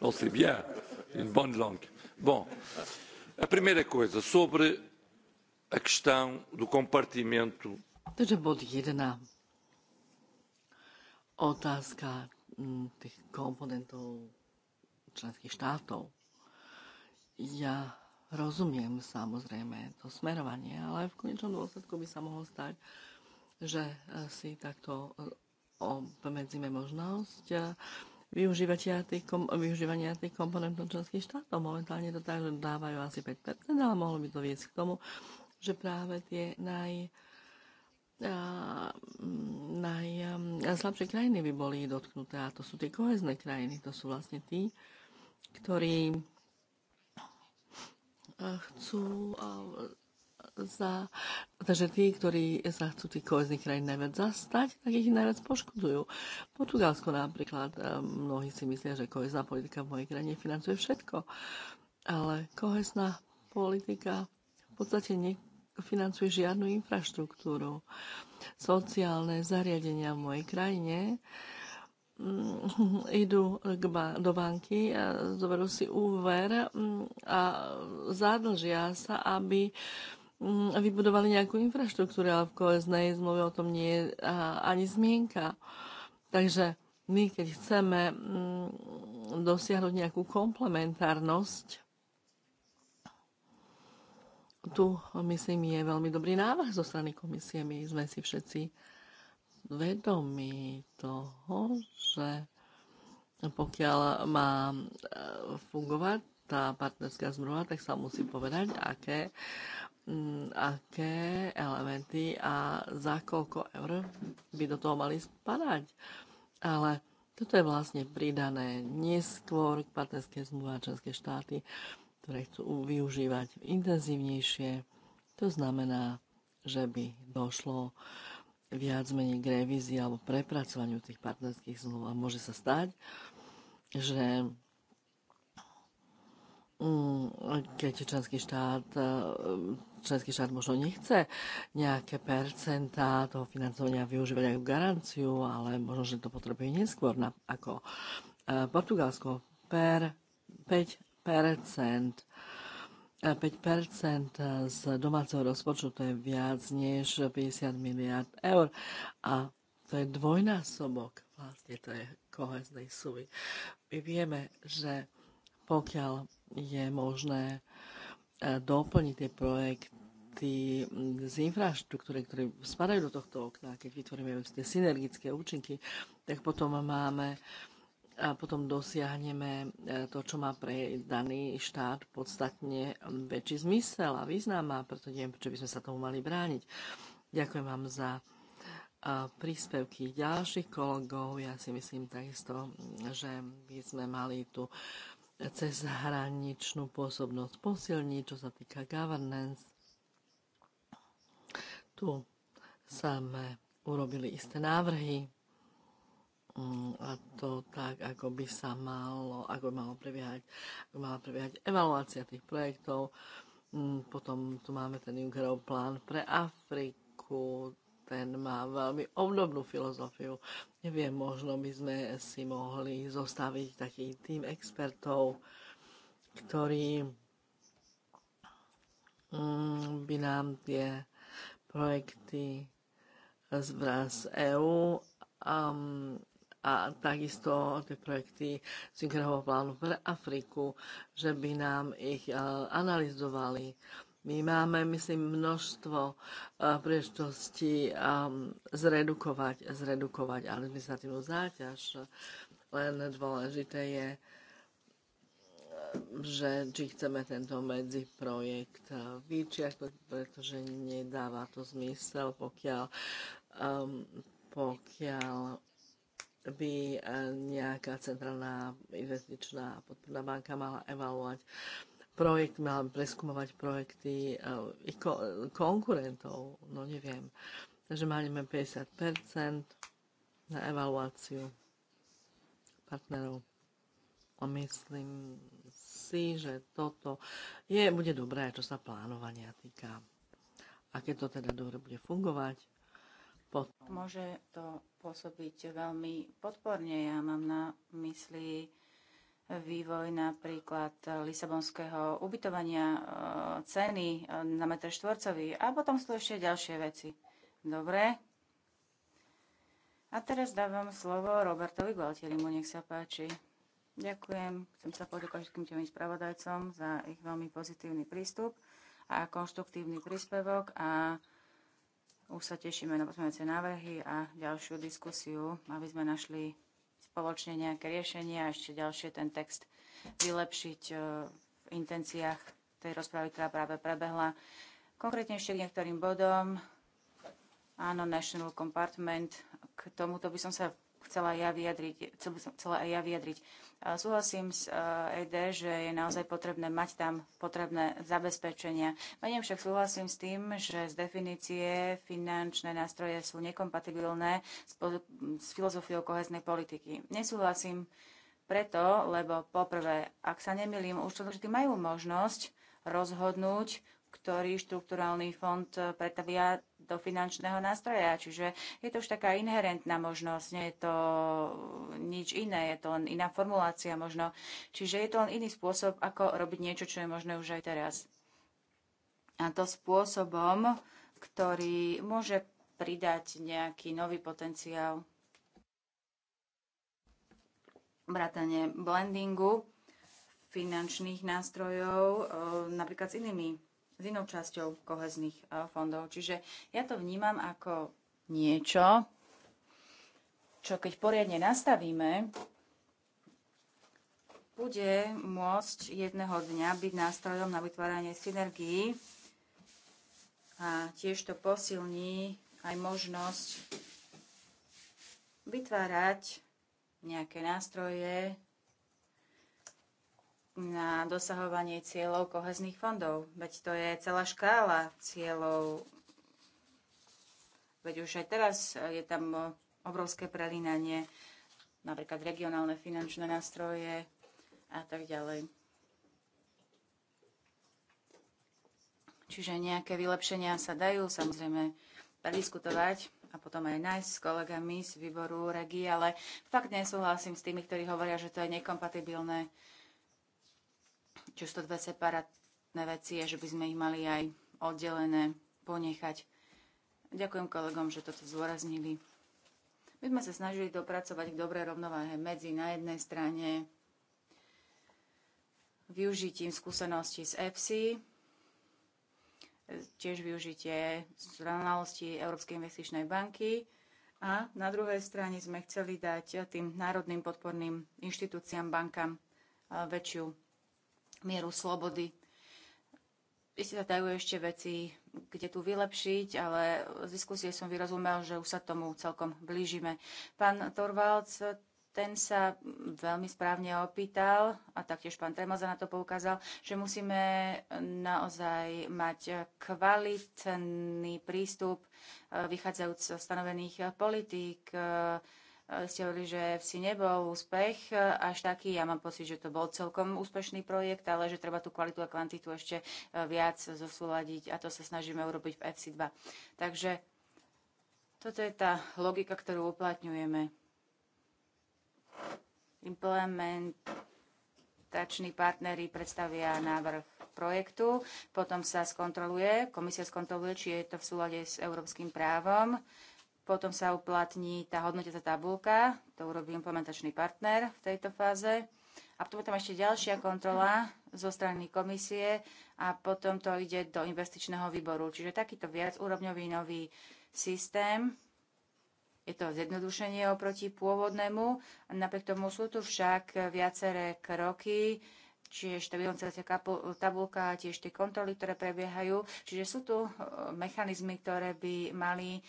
Não sei bem, em bom longo. Bom, a primeira coisa, sobre a questão do compartimento. Takže bod 1. Otázka hm, tých komponentov členských štátov. Ja rozumiem samozrejme to smerovanie, ale v konečnom dôsledku by sa mohlo stať, že si takto obmedzíme možnosť eh, využívania tých, kom- využívania tých komponentov členských štátov. Momentálne to tak, že dávajú asi 5%, ale mohlo by to viesť k tomu, že práve tie naj, eh, najslabšie eh, krajiny by boli dotknuté a to sú tie kohezné krajiny, to sú vlastne tí, ktorí chcú za, takže tí, ktorí sa chcú tých kohezných krajín najviac zastať, tak ich najviac poškodujú. Portugalsko napríklad, eh, mnohí si myslia, že kohezná politika v mojej krajine financuje všetko, ale kohezná politika v podstate nefinancuje žiadnu infraštruktúru. Sociálne zariadenia v mojej krajine mm, idú do banky, zoberú si úver mm, a zadlžia sa, aby Mm, vybudovali nejakú infraštruktúru, ale v koleznej zmluve o tom nie je ani zmienka. Takže my, keď chceme mm, dosiahnuť nejakú komplementárnosť, tu, myslím, je veľmi dobrý návrh zo strany komisie. My sme si všetci vedomí toho, že pokiaľ má e, fungovať tá partnerská zmluva, tak sa musí povedať, aké Mm, aké elementy a za koľko eur by do toho mali spadať. Ale toto je vlastne pridané neskôr k partnerskej zmluve a členské štáty, ktoré chcú využívať intenzívnejšie. To znamená, že by došlo viac menej k revízii alebo prepracovaniu tých partnerských zmluv a môže sa stať, že Mm, keď členský štát, e, členský štát možno nechce nejaké percentá toho financovania využívať ako garanciu, ale možno, že to potrebuje neskôr na, ako e, Portugalsko per 5 percent 5 e, z domáceho rozpočtu, to je viac než 50 miliard eur. A to je dvojnásobok vlastne tej koheznej sumy. My vieme, že pokiaľ je možné e, doplniť tie projekty z infraštruktúry, ktoré spadajú do tohto okna, keď vytvoríme tie synergické účinky, tak potom máme a potom dosiahneme e, to, čo má pre daný štát podstatne väčší zmysel a význam a preto neviem, prečo by sme sa tomu mali brániť. Ďakujem vám za e, príspevky ďalších kolegov. Ja si myslím takisto, že by sme mali tu cez hraničnú pôsobnosť posilní, čo sa týka governance. Tu sme urobili isté návrhy, mm, a to tak, ako by sa malo, ako by malo prebiehať, ako by mala prebiehať evaluácia tých projektov. Mm, potom tu máme ten Junckerov plán pre Afriku, ten má veľmi obdobnú filozofiu. Neviem, možno by sme si mohli zostaviť taký tým expertov, ktorí mm, by nám tie projekty z z EU a, a takisto tie projekty Sinkerhového plánu pre Afriku, že by nám ich eh, analyzovali. My máme, myslím, množstvo eh, príležitostí ehm, zredukovať, zredukovať administratívnu záťaž. Len dôležité je, ehm, že či chceme tento medziprojekt eh, vyčiarknúť, pretože nedáva to zmysel, pokiaľ, um, pokiaľ by eh, nejaká centrálna investičná podporná banka mala evaluovať projekt, mal preskúmovať projekty e, konkurentov, no neviem. Takže máme 50% na evaluáciu partnerov. A myslím si, že toto je, bude dobré, čo sa plánovania týka. A keď to teda dobre bude fungovať, potom... Môže to pôsobiť veľmi podporne. Ja mám na mysli vývoj napríklad eh, lisabonského ubytovania, eh, ceny eh, na metr štvorcový a potom sú ešte ďalšie veci. Dobre. A teraz dávam slovo Robertovi Gualtierimu, nech sa páči. Ďakujem. Chcem sa poďakovať všetkým tým spravodajcom za ich veľmi pozitívny prístup a konštruktívny príspevok a už sa tešíme na pozmeňujúce návrhy a ďalšiu diskusiu, aby sme našli spoločne nejaké riešenie a ešte ďalšie ten text vylepšiť e, v intenciách tej rozpravy, ktorá práve prebehla. Konkrétne ešte k niektorým bodom. Áno, National Compartment. K tomuto by som sa chcela ja vyjadriť. Chcela aj ja vyjadriť. Súhlasím s ED, e že je naozaj potrebné mať tam potrebné zabezpečenia. Menej však súhlasím s tým, že z definície finančné nástroje sú nekompatibilné s, s filozofiou koheznej politiky. Nesúhlasím preto, lebo poprvé, ak sa nemilím, už to vždy majú možnosť rozhodnúť, ktorý štruktúrálny fond pretavia do finančného nástroja. Čiže je to už taká inherentná možnosť, nie je to nič iné, je to len iná formulácia možno. Čiže je to len iný spôsob, ako robiť niečo, čo je možné už aj teraz. A to spôsobom, ktorý môže pridať nejaký nový potenciál vrátane blendingu finančných nástrojov e, napríklad s inými s inou časťou kohezných e, fondov. Čiže ja to vnímam ako niečo, čo keď poriadne nastavíme, bude môcť jedného dňa byť nástrojom na vytváranie synergií a tiež to posilní aj možnosť vytvárať nejaké nástroje, na dosahovanie cieľov kohezných fondov. Veď to je celá škála cieľov. Veď už aj teraz je tam obrovské prelínanie, napríklad regionálne finančné nástroje a tak ďalej. Čiže nejaké vylepšenia sa dajú samozrejme prediskutovať a potom aj nájsť s kolegami z výboru regi, ale fakt nesúhlasím s tými, ktorí hovoria, že to je nekompatibilné či už to dve separátne veci a že by sme ich mali aj oddelené ponechať. Ďakujem kolegom, že toto zdôraznili. My sme sa snažili dopracovať k dobrej rovnováhe medzi na jednej strane využitím skúseností z EFSI, tiež využitie znalostí Európskej investičnej banky a na druhej strane sme chceli dať tým národným podporným inštitúciám, bankám väčšiu mieru slobody. Isté sa dajú ešte veci, kde tu vylepšiť, ale z diskusie som vyrozumel, že už sa tomu celkom blížime. Pán Torvalds, ten sa veľmi správne opýtal, a taktiež pán Tremoza na to poukázal, že musíme naozaj mať kvalitný prístup eh, vychádzajúc z stanovených politík, eh, ste hovorili, že si nebol úspech až taký. Ja mám pocit, že to bol celkom úspešný projekt, ale že treba tú kvalitu a kvantitu ešte e, viac zosúľadiť a to sa snažíme urobiť v FC2. Takže toto je tá logika, ktorú uplatňujeme. Implementační partnery predstavia návrh projektu, potom sa skontroluje, komisia skontroluje, či je to v súlade s európskym právom potom sa uplatní tá hodnotiaca tabulka, to urobí implementačný partner v tejto fáze. A potom tam ešte ďalšia kontrola zo strany komisie a potom to ide do investičného výboru. Čiže takýto viac úrovňový nový systém. Je to zjednodušenie oproti pôvodnému. Napriek tomu sú tu však viaceré kroky, Čiže ešte bilanciácia tabulka, tiež tie kontroly, ktoré prebiehajú. Čiže sú tu e, mechanizmy, ktoré by mali e,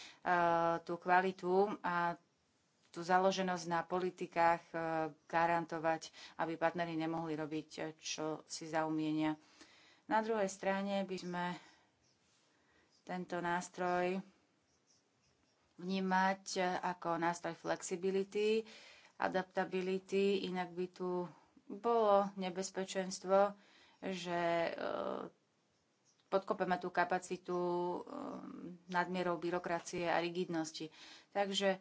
tú kvalitu a tú založenosť na politikách e, garantovať, aby partnery nemohli robiť, čo si zaumienia. Na druhej strane by sme tento nástroj vnímať ako nástroj flexibility, adaptability, inak by tu bolo nebezpečenstvo, že e, podkopeme tú kapacitu e, nadmierou byrokracie a rigidnosti. Takže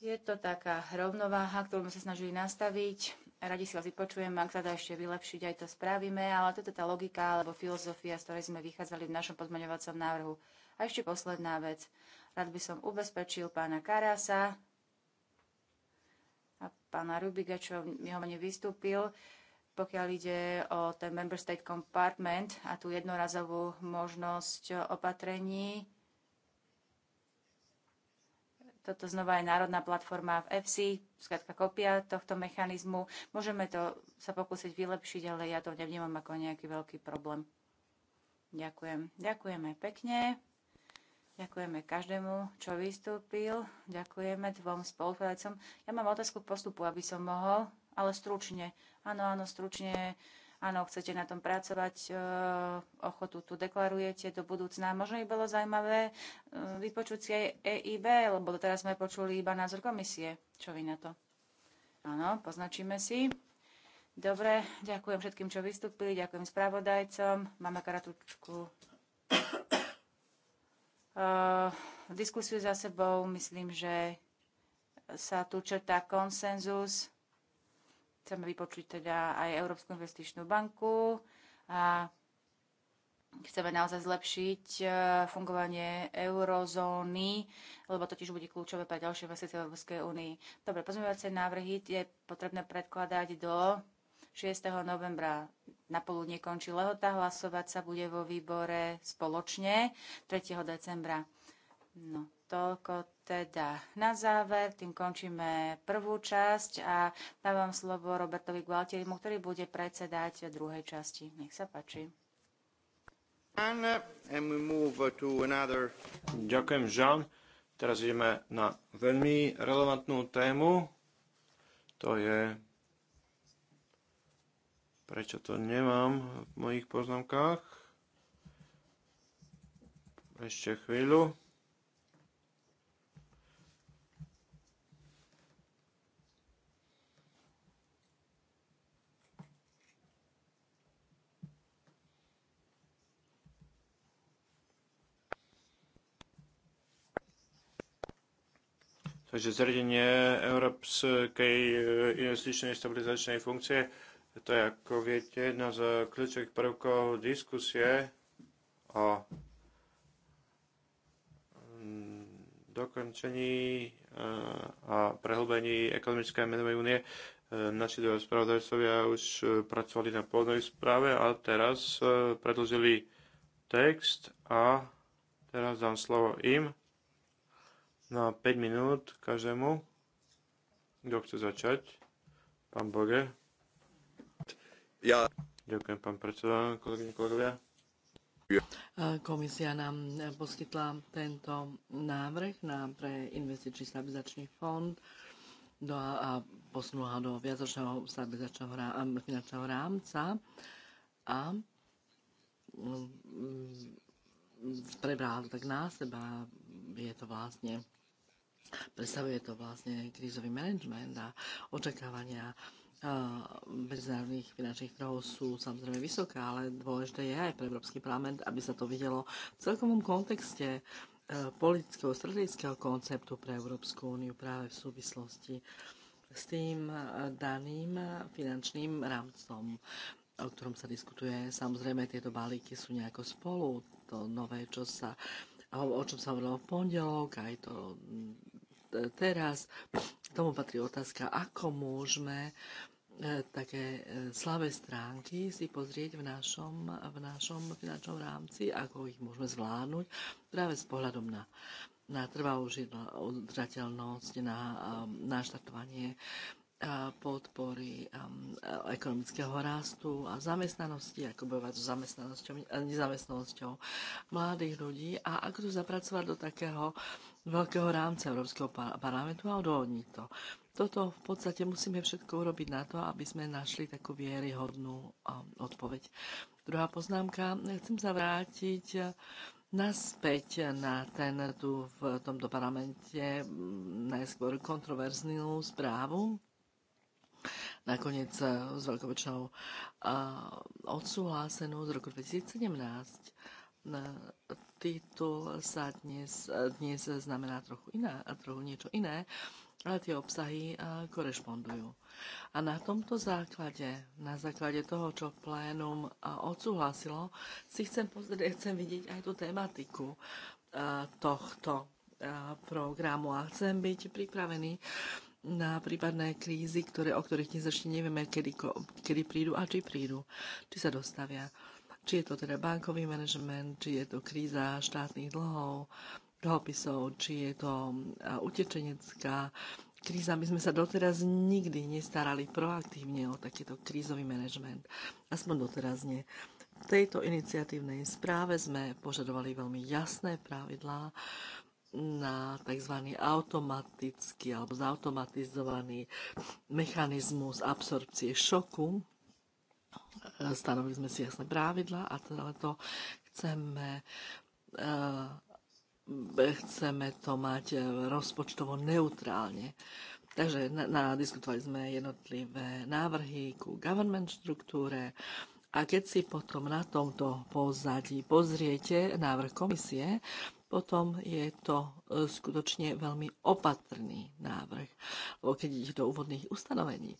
je to taká rovnováha, ktorú sme sa snažili nastaviť. Radi si vás vypočujem, ak sa dá ešte vylepšiť, aj to spravíme, ale toto je tá logika alebo filozofia, z ktorej sme vychádzali v našom pozmeňovacom návrhu. A ešte posledná vec. Rád by som ubezpečil pána Karasa, a pána Rubiga, čo v jeho mne vystúpil, pokiaľ ide o ten Member State Compartment a tú jednorazovú možnosť opatrení. Toto znova je národná platforma v FC, skratka kopia tohto mechanizmu. Môžeme to sa pokúsiť vylepšiť, ale ja to nevnímam ako nejaký veľký problém. Ďakujem. Ďakujeme pekne. Ďakujeme každému, čo vystúpil. Ďakujeme dvom spoluprácom. Ja mám otázku k postupu, aby som mohol, ale stručne. Áno, áno, stručne. Áno, chcete na tom pracovať, e, ochotu tu deklarujete do budúcna. Možno by bolo zaujímavé e, vypočuť si aj EIB, lebo teraz sme počuli iba názor komisie. Čo vy na to? Áno, poznačíme si. Dobre, ďakujem všetkým, čo vystúpili, ďakujem spravodajcom. Máme karatučku Eh, diskusiu za sebou. Myslím, že sa tu črtá konsenzus. Chceme vypočuť teda aj Európsku investičnú banku a chceme naozaj zlepšiť eh, fungovanie eurozóny, lebo totiž bude kľúčové pre ďalšie investície v Európskej únii. Dobre, pozmeňovacie návrhy je potrebné predkladať do 6. novembra na poludne končí lehota, hlasovať sa bude vo výbore spoločne 3. decembra. No, toľko teda na záver, tým končíme prvú časť a dávam slovo Robertovi Gualtierimu, ktorý bude predsedať druhej časti. Nech sa páči. Ďakujem, Jean. Teraz ideme na veľmi relevantnú tému. To je Prečo to nemám v mojich poznámkách? Ešte chvíľu. Takže zriadenie Európskej investičnej stabilizačnej funkcie to je, ako viete, jedna z kľúčových prvkov diskusie o mm, dokončení eh, a prehlbení ekonomickej menovej únie. Eh, naši dva spravodajcovia už eh, pracovali na pôvodnej správe a teraz predložili text a teraz dám slovo im na 5 minút každému. Kto chce začať? Pán Boge. Ďakujem, pán predseda, kolegyne, kolegovia. Eh, komisia nám eh, poskytla tento návrh na pre investičný stabilizačný fond do, a posunula do viacročného stabilizačného eh, finančného rámca a mm, to tak na seba. Je to vlastne, predstavuje to vlastne krízový manažment a očakávania medzinárodných finančných trhov sú samozrejme vysoké, ale dôležité je aj pre Európsky parlament, aby sa to videlo v celkovom kontexte e, politického, strategického konceptu pre Európsku úniu práve v súvislosti s tým e, daným finančným rámcom, o ktorom sa diskutuje. Samozrejme, tieto balíky sú nejako spolu. To nové, čo sa, o čom sa hovorilo v pondelok, aj to mm, e, teraz. K tomu patrí otázka, ako môžeme uh, E, také e, slabé stránky si pozrieť v našom, v našom finančnom rámci, ako ich môžeme zvládnuť práve s pohľadom na, na trvalú udržateľnosť, na e, naštartovanie podpory ekonomického rastu a zamestnanosti, ako bojovať s zamestnanosťou, nezamestnanosťou mladých ľudí a ako to zapracovať do takého veľkého rámca Európskeho parlamentu a odôvodniť to. Toto v podstate musíme všetko urobiť na to, aby sme našli takú vieryhodnú um, odpoveď. Druhá poznámka. Chcem sa vrátiť uh, naspäť na ten tu v tomto parlamente mm, najskôr kontroverznú správu. Nakoniec uh, s veľkou väčšinou uh, odsúhlasenú z roku 2017. Titul sa dnes, dnes znamená trochu iná, trochu niečo iné ale tie obsahy korešpondujú. A na tomto základe, na základe toho, čo plénum odsúhlasilo, si chcem pozrieť, chcem vidieť aj tú tematiku tohto programu a chcem byť pripravený na prípadné krízy, ktoré, o ktorých dnes ešte nevieme, kedy, kedy prídu a či prídu, či sa dostavia. Či je to teda bankový manažment, či je to kríza štátnych dlhov, dlhopisov, či je to utečenecká kríza. My sme sa doteraz nikdy nestarali proaktívne o takýto krízový manažment. Aspoň doteraz nie. V tejto iniciatívnej správe sme požadovali veľmi jasné pravidlá na tzv. automatický alebo zautomatizovaný mechanizmus absorpcie šoku. Stanovili sme si jasné pravidlá a teda to chceme chceme to mať e, rozpočtovo neutrálne. Takže na, na, diskutovali sme jednotlivé návrhy ku government štruktúre a keď si potom na tomto pozadí pozriete návrh komisie, potom je to e, skutočne veľmi opatrný návrh, keď ide do úvodných ustanovení e,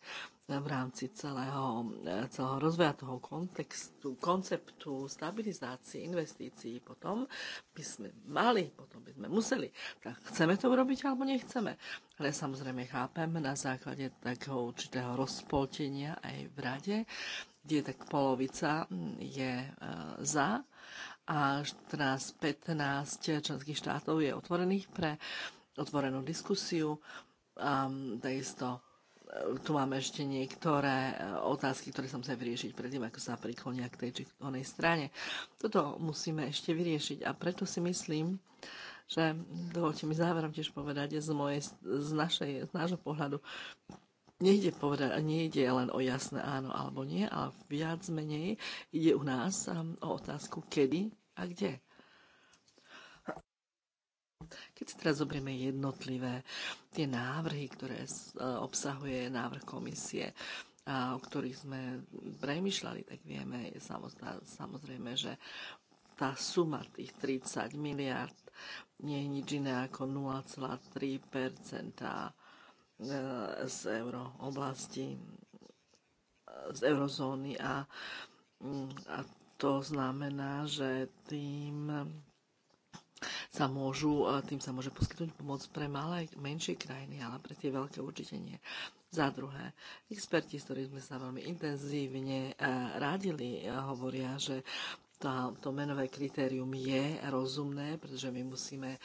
v rámci celého, e, celého rozvoja toho kontextu, konceptu stabilizácie investícií, potom by sme mali, potom by sme museli. Tak chceme to urobiť alebo nechceme. Ale samozrejme chápem na základe takého určitého rozpoltenia aj v rade, kde tak polovica mm, je za a teraz 15 členských štátov je otvorených pre otvorenú diskusiu. Um, takisto e, tu máme ešte niektoré e, otázky, ktoré som chcem vyriešiť predtým, ako sa priklonia k tej či onej strane. Toto musíme ešte vyriešiť a preto si myslím, že dovolte mi záverom tiež povedať z, mojej, z, našej, z nášho pohľadu, Nejde povedať, nejde len o jasné áno alebo nie, ale viac menej ide u nás um, o otázku kedy a kde. Keď si teraz zoberieme jednotlivé tie návrhy, ktoré e, obsahuje návrh komisie, a o ktorých sme premyšľali, tak vieme samozrejme, že tá suma tých 30 miliard nie je nič iné ako 0,3 E, z eurooblasti, z eurozóny a, mm, a to znamená, že tým sa môžu, e, tým sa môže poskytnúť pomoc pre malé, menšie krajiny, ale pre tie veľké určite nie. Za druhé, experti, s ktorými sme sa veľmi intenzívne e, radili, hovoria, že tá, to menové kritérium je rozumné, pretože my musíme eh,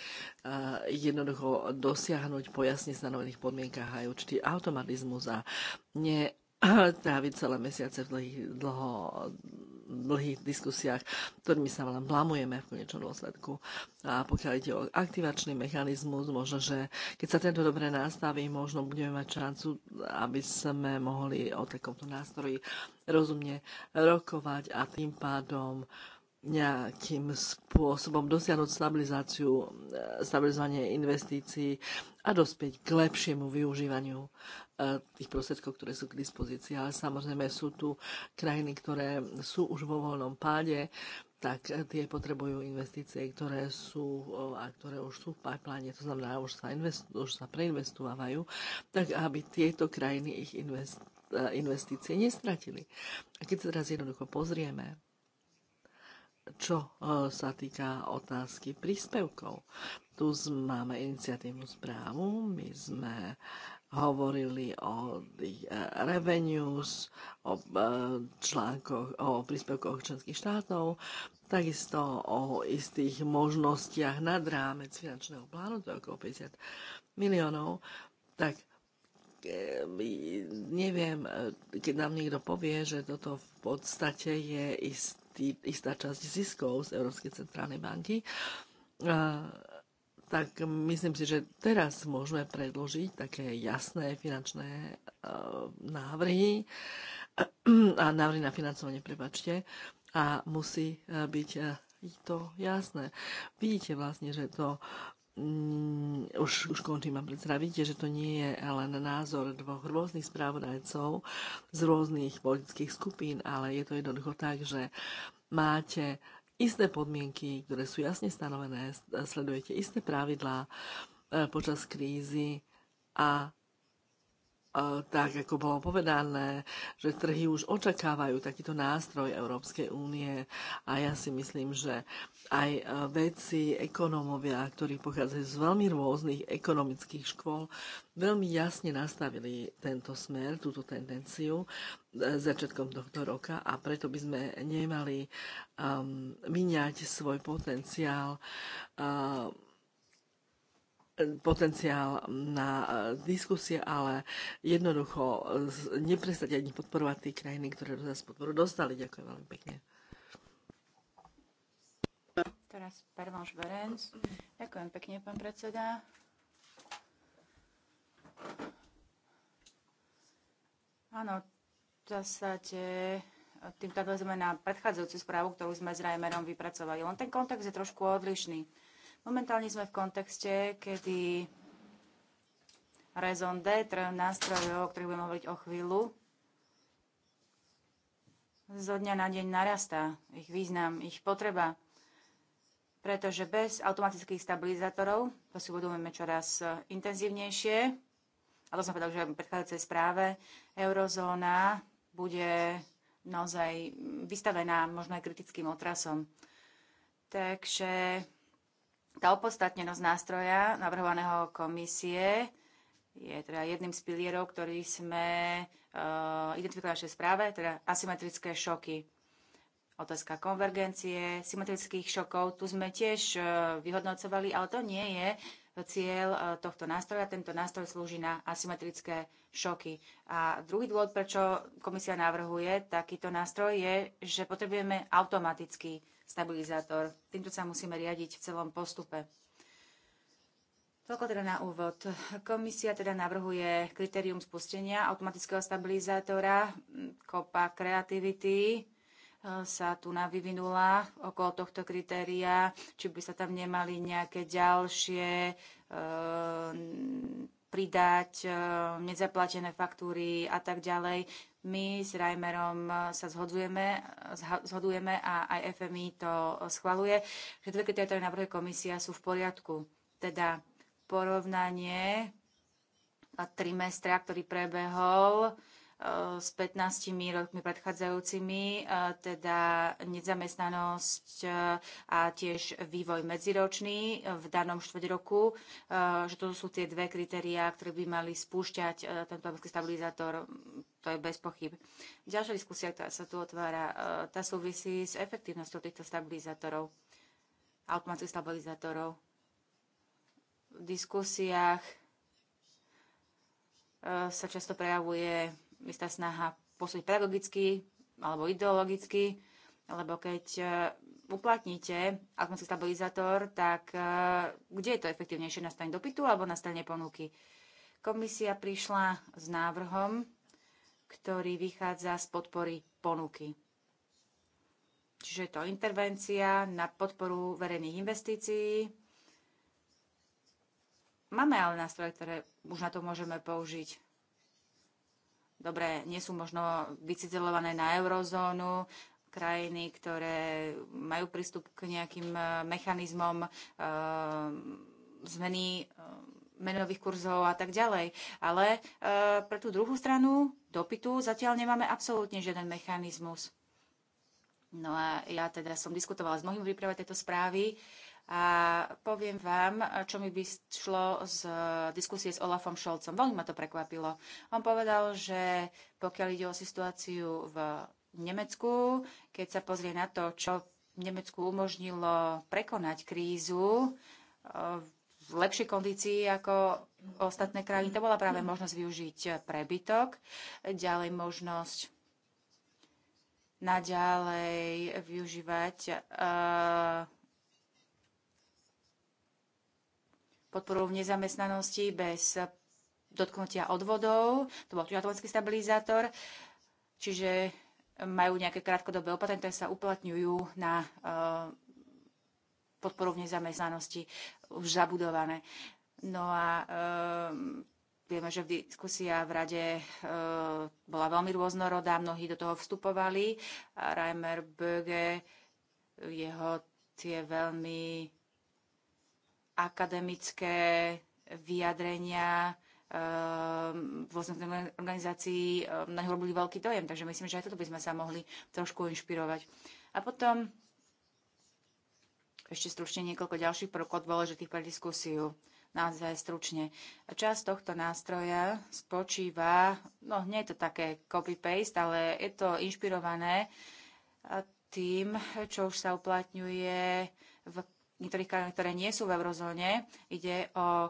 jednoducho dosiahnuť po jasne stanovených podmienkach aj určitý automatizmus a netráviť tráviť celé mesiace v dlhých, dlho dlhých diskusiách, ktorými sa len blamujeme v konečnom dôsledku. A pokiaľ ide o aktivačný mechanizmus, možno, že keď sa tento dobre nastaví, možno budeme mať šancu, aby sme mohli o takomto nástroji rozumne rokovať a tým pádom uh, nejakým spôsobom dosiahnuť stabilizáciu, eh, stabilizovanie investícií a dospieť k lepšiemu využívaniu eh, tých prostriedkov, ktoré sú k dispozícii. Ale samozrejme sú tu krajiny, ktoré sú už vo voľnom páde, tak eh, tie potrebujú investície, ktoré sú a ktoré už sú v pipeline, to znamená, už sa, investu, už sa preinvestovávajú, tak aby tieto krajiny ich investície nestratili. A keď sa teraz jednoducho pozrieme, čo e, sa týka otázky príspevkov. Tu máme iniciatívnu správu, my sme hovorili o tých e, revenues, o e, článkoch, o príspevkoch členských štátov, takisto o istých možnostiach nad rámec finančného plánu, to je okolo 50 miliónov, tak neviem, keď nám niekto povie, že toto v podstate je ist, tý, istá časť ziskov z Európskej centrálnej banky. A, tak myslím si, že teraz môžeme predložiť také jasné finančné návrhy a, a návrhy na financovanie, prepačte, a musí e, byť e, to jasné. Vidíte vlastne, že to Mm, už, už končím a predstavíte, že to nie je len názor dvoch rôznych správodajcov z rôznych politických skupín, ale je to jednoducho tak, že máte isté podmienky, ktoré sú jasne stanovené, sledujete isté pravidlá eh, počas krízy a tak ako bolo povedané, že trhy už očakávajú takýto nástroj Európskej únie a ja si myslím, že aj vedci, ekonómovia, ktorí pochádzajú z veľmi rôznych ekonomických škôl, veľmi jasne nastavili tento smer, túto tendenciu e, začiatkom tohto roka a preto by sme nemali um, míňať svoj potenciál um, potenciál na eh, diskusie, ale jednoducho eh, neprestať ani podporovať tie krajiny, ktoré do nás podporu dostali. Ďakujem veľmi pekne. Teraz Pervanš Berenc. Ďakujem pekne, pán predseda. Áno, v zásade eh, tým nadvezujeme na predchádzajúcu správu, ktorú sme s Reimerom vypracovali. Len ten kontext je trošku odlišný. Momentálne sme v kontexte, kedy raison d'être nástrojov, o ktorých budeme hovoriť o chvíľu, zo dňa na deň narastá ich význam, ich potreba. Pretože bez automatických stabilizátorov, to si uvedomujeme čoraz intenzívnejšie, a to som povedal, že v predchádzajúcej správe, eurozóna bude naozaj vystavená možno aj kritickým otrasom. Takže tá opodstatnenosť nástroja navrhovaného komisie je teda jedným z pilierov, ktorý sme uh, identifikovali v našej správe, teda asymetrické šoky. Otázka konvergencie, symetrických šokov, tu sme tiež uh, vyhodnocovali, ale to nie je cieľ uh, tohto nástroja. Tento nástroj slúži na asymetrické šoky. A druhý dôvod, prečo komisia navrhuje takýto nástroj, je, že potrebujeme automaticky stabilizátor. Týmto sa musíme riadiť v celom postupe. Toľko teda na úvod. Komisia teda navrhuje kritérium spustenia automatického stabilizátora. Kopa kreativity e, sa tu navyvinula okolo tohto kritéria, či by sa tam nemali nejaké ďalšie e, pridať e, nezaplatené faktúry a tak ďalej. My s Reimerom e, sa zhodujeme, zhodujeme a aj FMI to schvaluje, že dve kritéria, návrhy komisia, sú v poriadku. Teda porovnanie trimestra, ktorý prebehol, s 15 rokmi predchádzajúcimi, e, teda nezamestnanosť e, a tiež vývoj medziročný e, v danom štvrť roku, že to sú tie dve kritériá, ktoré by mali spúšťať tento európsky stabilizátor. To je bez pochyb. Ďalšia diskusia, ktorá sa tu otvára, tá súvisí s efektívnosťou týchto stabilizátorov, automatických stabilizátorov. V diskusiách sa často prejavuje istá snaha posúť pedagogicky alebo ideologicky, lebo keď e, uplatníte atmosférický stabilizátor, tak e, kde je to efektívnejšie na strane dopytu alebo na strane ponuky? Komisia prišla s návrhom, ktorý vychádza z podpory ponuky. Čiže je to intervencia na podporu verejných investícií. Máme ale nástroje, ktoré už na to môžeme použiť. Dobre, nie sú možno vycizelované na eurozónu, krajiny, ktoré majú prístup k nejakým e, mechanizmom e, zmeny e, menových kurzov a tak ďalej. Ale e, pre tú druhú stranu dopytu zatiaľ nemáme absolútne žiaden mechanizmus. No a ja teda som diskutovala s mnohými príprave tejto správy. E, a poviem vám, čo mi by šlo z diskusie s Olafom Šolcom. Veľmi ma to prekvapilo. On povedal, že pokiaľ ide o situáciu v Nemecku, keď sa pozrie na to, čo Nemecku umožnilo prekonať krízu v lepšej kondícii ako ostatné krajiny. To bola práve možnosť využiť prebytok, ďalej možnosť naďalej využívať uh, podporou nezamestnanosti bez dotknutia odvodov. To bol tiež automatický stabilizátor. Čiže majú nejaké krátkodobé opatrenia, ktoré sa uplatňujú na eh, podporu v nezamestnanosti už zabudované. No a eh, Vieme, že v diskusia v rade eh, bola veľmi rôznorodá, mnohí do toho vstupovali. Reimer Böge, jeho tie veľmi akademické vyjadrenia eh, v rôznych organizácií eh, na ňu robili veľký dojem, takže myslím, že aj toto by sme sa mohli trošku inšpirovať. A potom ešte stručne niekoľko ďalších prvkov dôležitých pre diskusiu. Naozaj stručne. Časť tohto nástroja spočíva, no nie je to také copy-paste, ale je to inšpirované eh, tým, čo už sa uplatňuje v niektorých krajín, ktoré nie sú v eurozóne. Ide o e,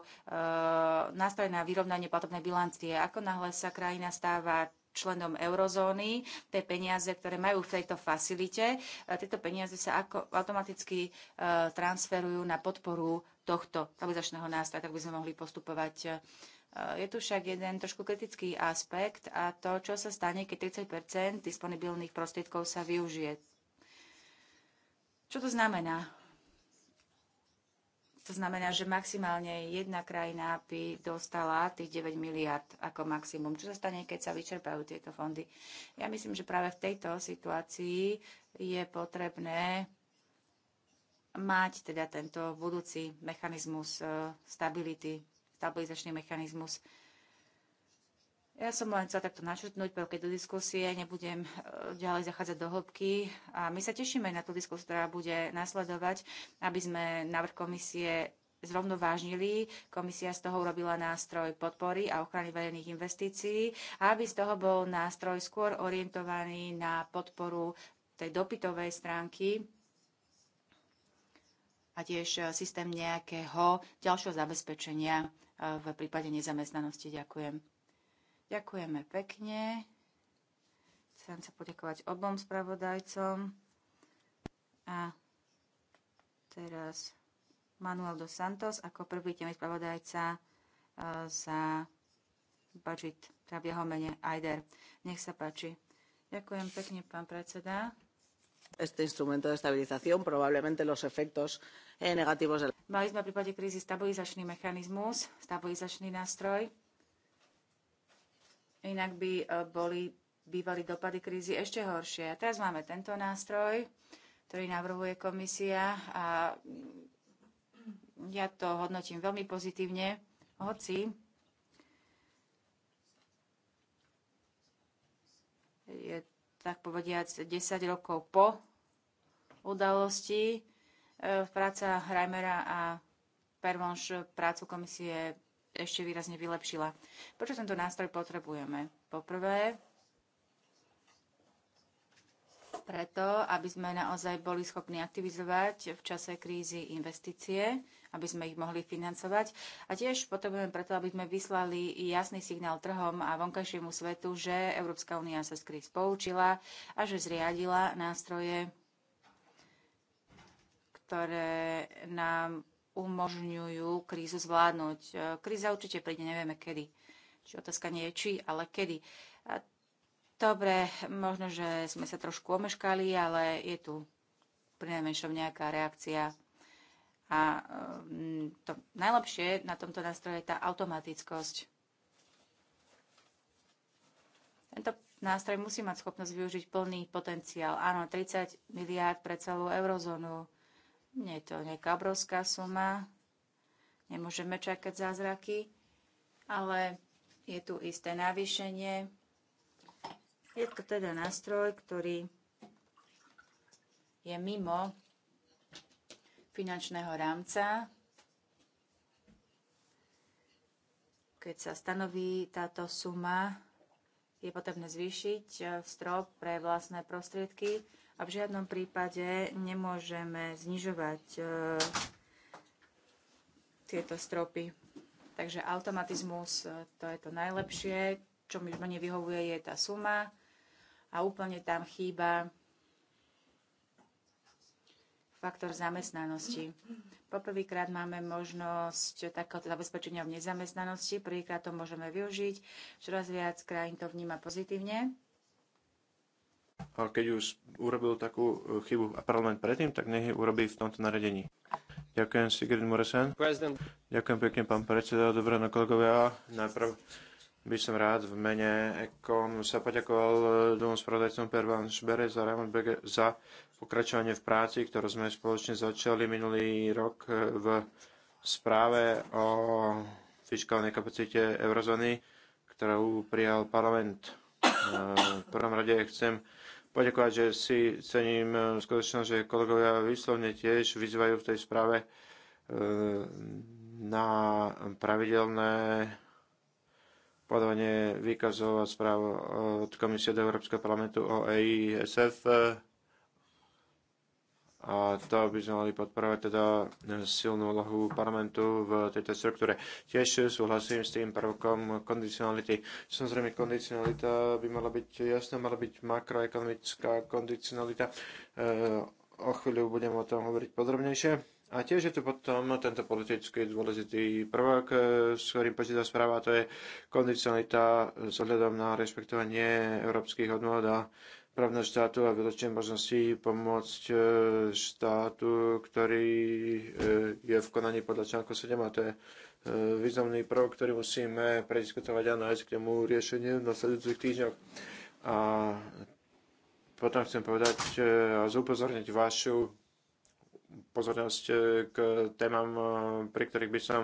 nástroje na vyrovnanie platobnej bilancie. Ako náhle sa krajina stáva členom eurozóny, tie peniaze, ktoré majú v tejto facilite, e, tieto peniaze sa ako automaticky e, transferujú na podporu tohto stabilizačného nástroja, tak by sme mohli postupovať e, je tu však jeden trošku kritický aspekt a to, čo sa stane, keď 30 disponibilných prostriedkov sa využije. Čo to znamená? To znamená, že maximálne jedna krajina by dostala tých 9 miliard ako maximum. Čo sa stane, keď sa vyčerpajú tieto fondy? Ja myslím, že práve v tejto situácii je potrebné mať teda tento budúci mechanizmus eh, stability, stabilizačný mechanizmus ja som len chcela takto načrtnúť veľké do diskusie, nebudem e, ďalej zachádzať do hĺbky. A my sa tešíme na tú diskusiu, ktorá bude nasledovať, aby sme návrh komisie zrovnovážnili. Komisia z toho urobila nástroj podpory a ochrany verejných investícií, aby z toho bol nástroj skôr orientovaný na podporu tej dopytovej stránky a tiež e, systém nejakého ďalšieho zabezpečenia e, v prípade nezamestnanosti. Ďakujem. Ďakujeme pekne. Chcem sa poďakovať obom spravodajcom. A teraz Manuel dos Santos ako prvý temný spravodajca e, za budget, teda v jeho mene AIDER. Nech sa páči. Ďakujem pekne, pán predseda. Este instrumento de estabilización, probablemente los efectos eh, negativos. Mali sme v prípade krízy stabilizačný mechanizmus, stabilizačný nástroj Inak by e, boli bývali dopady krízy ešte horšie. A teraz máme tento nástroj, ktorý navrhuje komisia a ja to hodnotím veľmi pozitívne, hoci je tak povediac 10 rokov po udalosti e, práca Reimera a Pervonš prácu komisie ešte výrazne vylepšila. Prečo tento nástroj potrebujeme? Poprvé, preto, aby sme naozaj boli schopní aktivizovať v čase krízy investície, aby sme ich mohli financovať. A tiež potrebujeme preto, aby sme vyslali jasný signál trhom a vonkajšiemu svetu, že Európska únia sa z kríz poučila a že zriadila nástroje, ktoré nám umožňujú krízu zvládnuť. E, kríza určite príde, nevieme kedy. Čiže otázka nie je či, ale kedy. E, dobre, možno, že sme sa trošku omeškali, ale je tu prinajmenšom nejaká reakcia. A e, to najlepšie na tomto nástroje je tá automatickosť. Tento nástroj musí mať schopnosť využiť plný potenciál. Áno, 30 miliárd pre celú eurozónu nie je to nejaká obrovská suma, nemôžeme čakať zázraky, ale je tu isté navýšenie. Je to teda nástroj, ktorý je mimo finančného rámca. Keď sa stanoví táto suma, je potrebné zvýšiť eh, strop pre vlastné prostriedky a v žiadnom prípade nemôžeme znižovať e, tieto stropy. Takže automatizmus, e, to je to najlepšie. Čo mi mne vyhovuje, je tá suma a úplne tam chýba faktor zamestnanosti. Poprvýkrát máme možnosť takéhoto zabezpečenia v nezamestnanosti, prvýkrát to môžeme využiť, čoraz viac krajín to vníma pozitívne. A keď už urobil takú e, chybu a parlament predtým, tak nech ju urobí v tomto naredení. Ďakujem Sigrid Moresen. President. Ďakujem pekne, pán predseda. Dobre, no kolegovia. Najprv by som rád v mene EKOM sa poďakoval e, dvom spravodajcom Pervan Šbere za Raymond Bege za pokračovanie v práci, ktorú sme spoločne začali minulý rok e, v správe o fiskálnej kapacite eurozóny, ktorú prijal parlament. V prvom rade chcem poďakovať, že si cením e, skutočnosť, že kolegovia výslovne tiež vyzývajú v tej správe e, na pravidelné podávanie výkazov a správ od Komisie do Európskeho parlamentu o EISF a to by sme mali podporovať teda silnú úlohu parlamentu v tejto struktúre. Tiež súhlasím s tým prvkom kondicionality. Samozrejme, kondicionalita by mala byť jasná, mala byť makroekonomická kondicionalita. E, o chvíľu budem o tom hovoriť podrobnejšie. A tiež je tu potom tento politický dôležitý prvok, e, s ktorým počíta správa, to je kondicionalita s ohľadom na rešpektovanie európskych hodnôt a právneho štátu a výročnej možnosti pomôcť e, štátu, ktorý e, je v konaní podľa článku 7 a to je e, významný prvok, ktorý musíme prediskutovať a nájsť k nemu riešenie v nasledujúcich týždňoch. A potom chcem povedať a zúpozorniť vašu pozornosť k témam, pri ktorých by som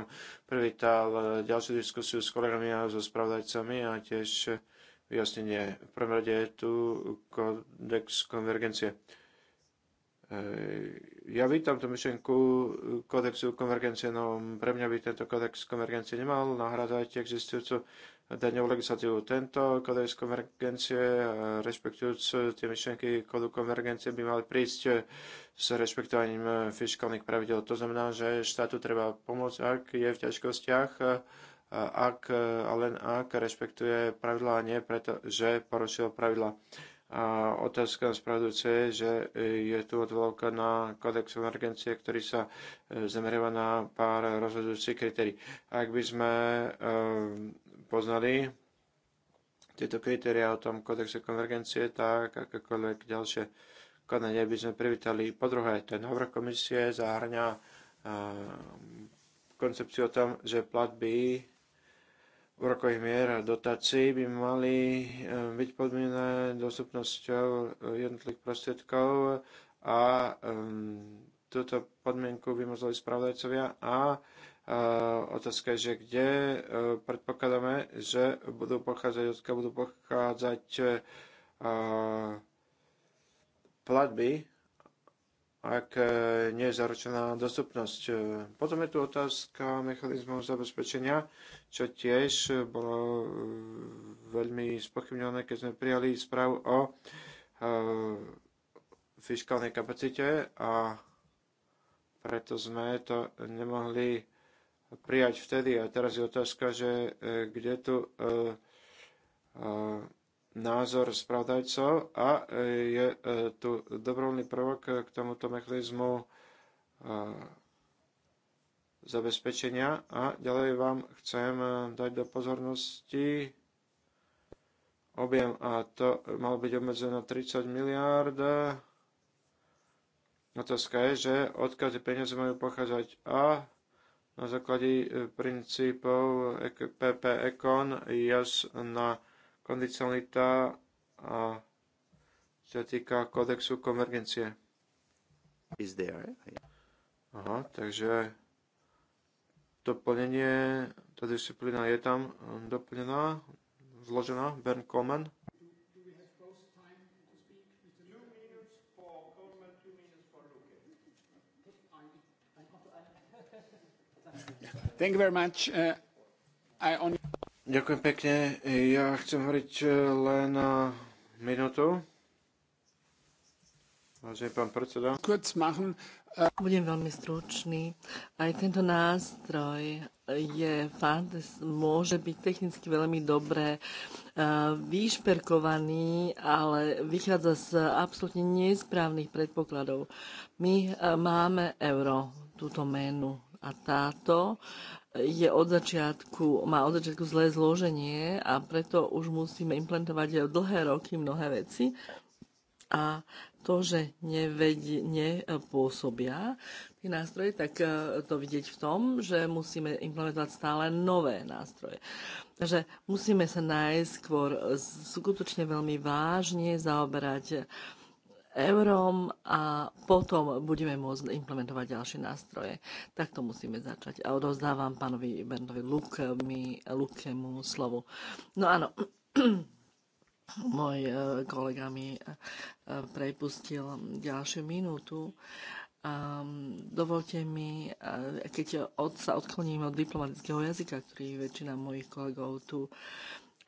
privítal ďalšiu diskusiu s kolegami a so spravodajcami a tiež vyjasnenie. V prvom rade je tu kódex konvergencie. Ja vítam tú myšlienku kódexu konvergencie, no pre mňa by tento kódex konvergencie nemal nahradzať existujúcu daňovú legislatívu. Tento kódex konvergencie, rešpektujúc tie myšlienky kódu konvergencie, by mali prísť s rešpektovaním fiskálnych pravidel. To znamená, že štátu treba pomôcť, ak je v ťažkostiach ak, e, a len ak rešpektuje pravidlá a nie preto, že porušil pravidlá. A otázka na je, že je tu odvolka na kodex emergencie, ktorý sa e, zameriava na pár rozhodujúcich kritérií. Ak by sme e, poznali tieto kritéria o tom kodexe konvergencie, tak akékoľvek ďalšie konanie by sme privítali. Po druhé, ten návrh komisie zahrňa koncepciu o tom, že platby úrokových mier a dotácií by mali eh, byť podmienené dostupnosťou eh, jednotlivých prostriedkov a um, túto podmienku by mohli spravodajcovia a otázka je, že kde predpokladáme, že budú pochádzať, odkiaľ budú pochádzať platby ak e, nie je zaručená dostupnosť. E, potom je tu otázka mechanizmov zabezpečenia, čo tiež bolo e, veľmi spochybňované, keď sme prijali správu o fiskálnej kapacite a preto sme to nemohli prijať vtedy. A teraz je otázka, že kde tu názor spravodajcov a e, je e, tu dobrovoľný prvok k tomuto mechanizmu e, zabezpečenia a ďalej vám chcem dať do pozornosti objem a to malo byť obmedzené na 30 miliárd. Otázka je, že odkiaľ tie peniaze majú pochádzať a na základe princípov PP Econ jasná na kondicionalita a sa týka kódexu konvergencie. Is there? Aha, takže doplnenie, tá disciplína je tam doplnená, zložená, Bern Coleman. Thank you very much. Uh, I only... Ďakujem pekne. Ja chcem hovoriť eh, len na eh, minútu. Vážený pán predseda. Eh. Budem veľmi stručný. Aj tento nástroj je môže byť technicky veľmi dobre vyšperkovaný, ale vychádza z absolútne nesprávnych predpokladov. My máme euro, túto menu, a táto je od začiatku, má od začiatku zlé zloženie a preto už musíme implementovať dlhé roky mnohé veci. A to, že nevedi, nepôsobia tie nástroje, tak e, to vidieť v tom, že musíme implementovať stále nové nástroje. Takže musíme sa najskôr skutočne veľmi vážne zaoberať eurom a potom budeme môcť implementovať ďalšie nástroje. Tak to musíme začať. A odozdávam pánovi Berndovi Lukemu slovo. No áno, môj e, kolega mi e, prepustil ďalšiu minútu. Um, dovolte mi, e, keď od, sa odkloním od diplomatického jazyka, ktorý väčšina mojich kolegov tu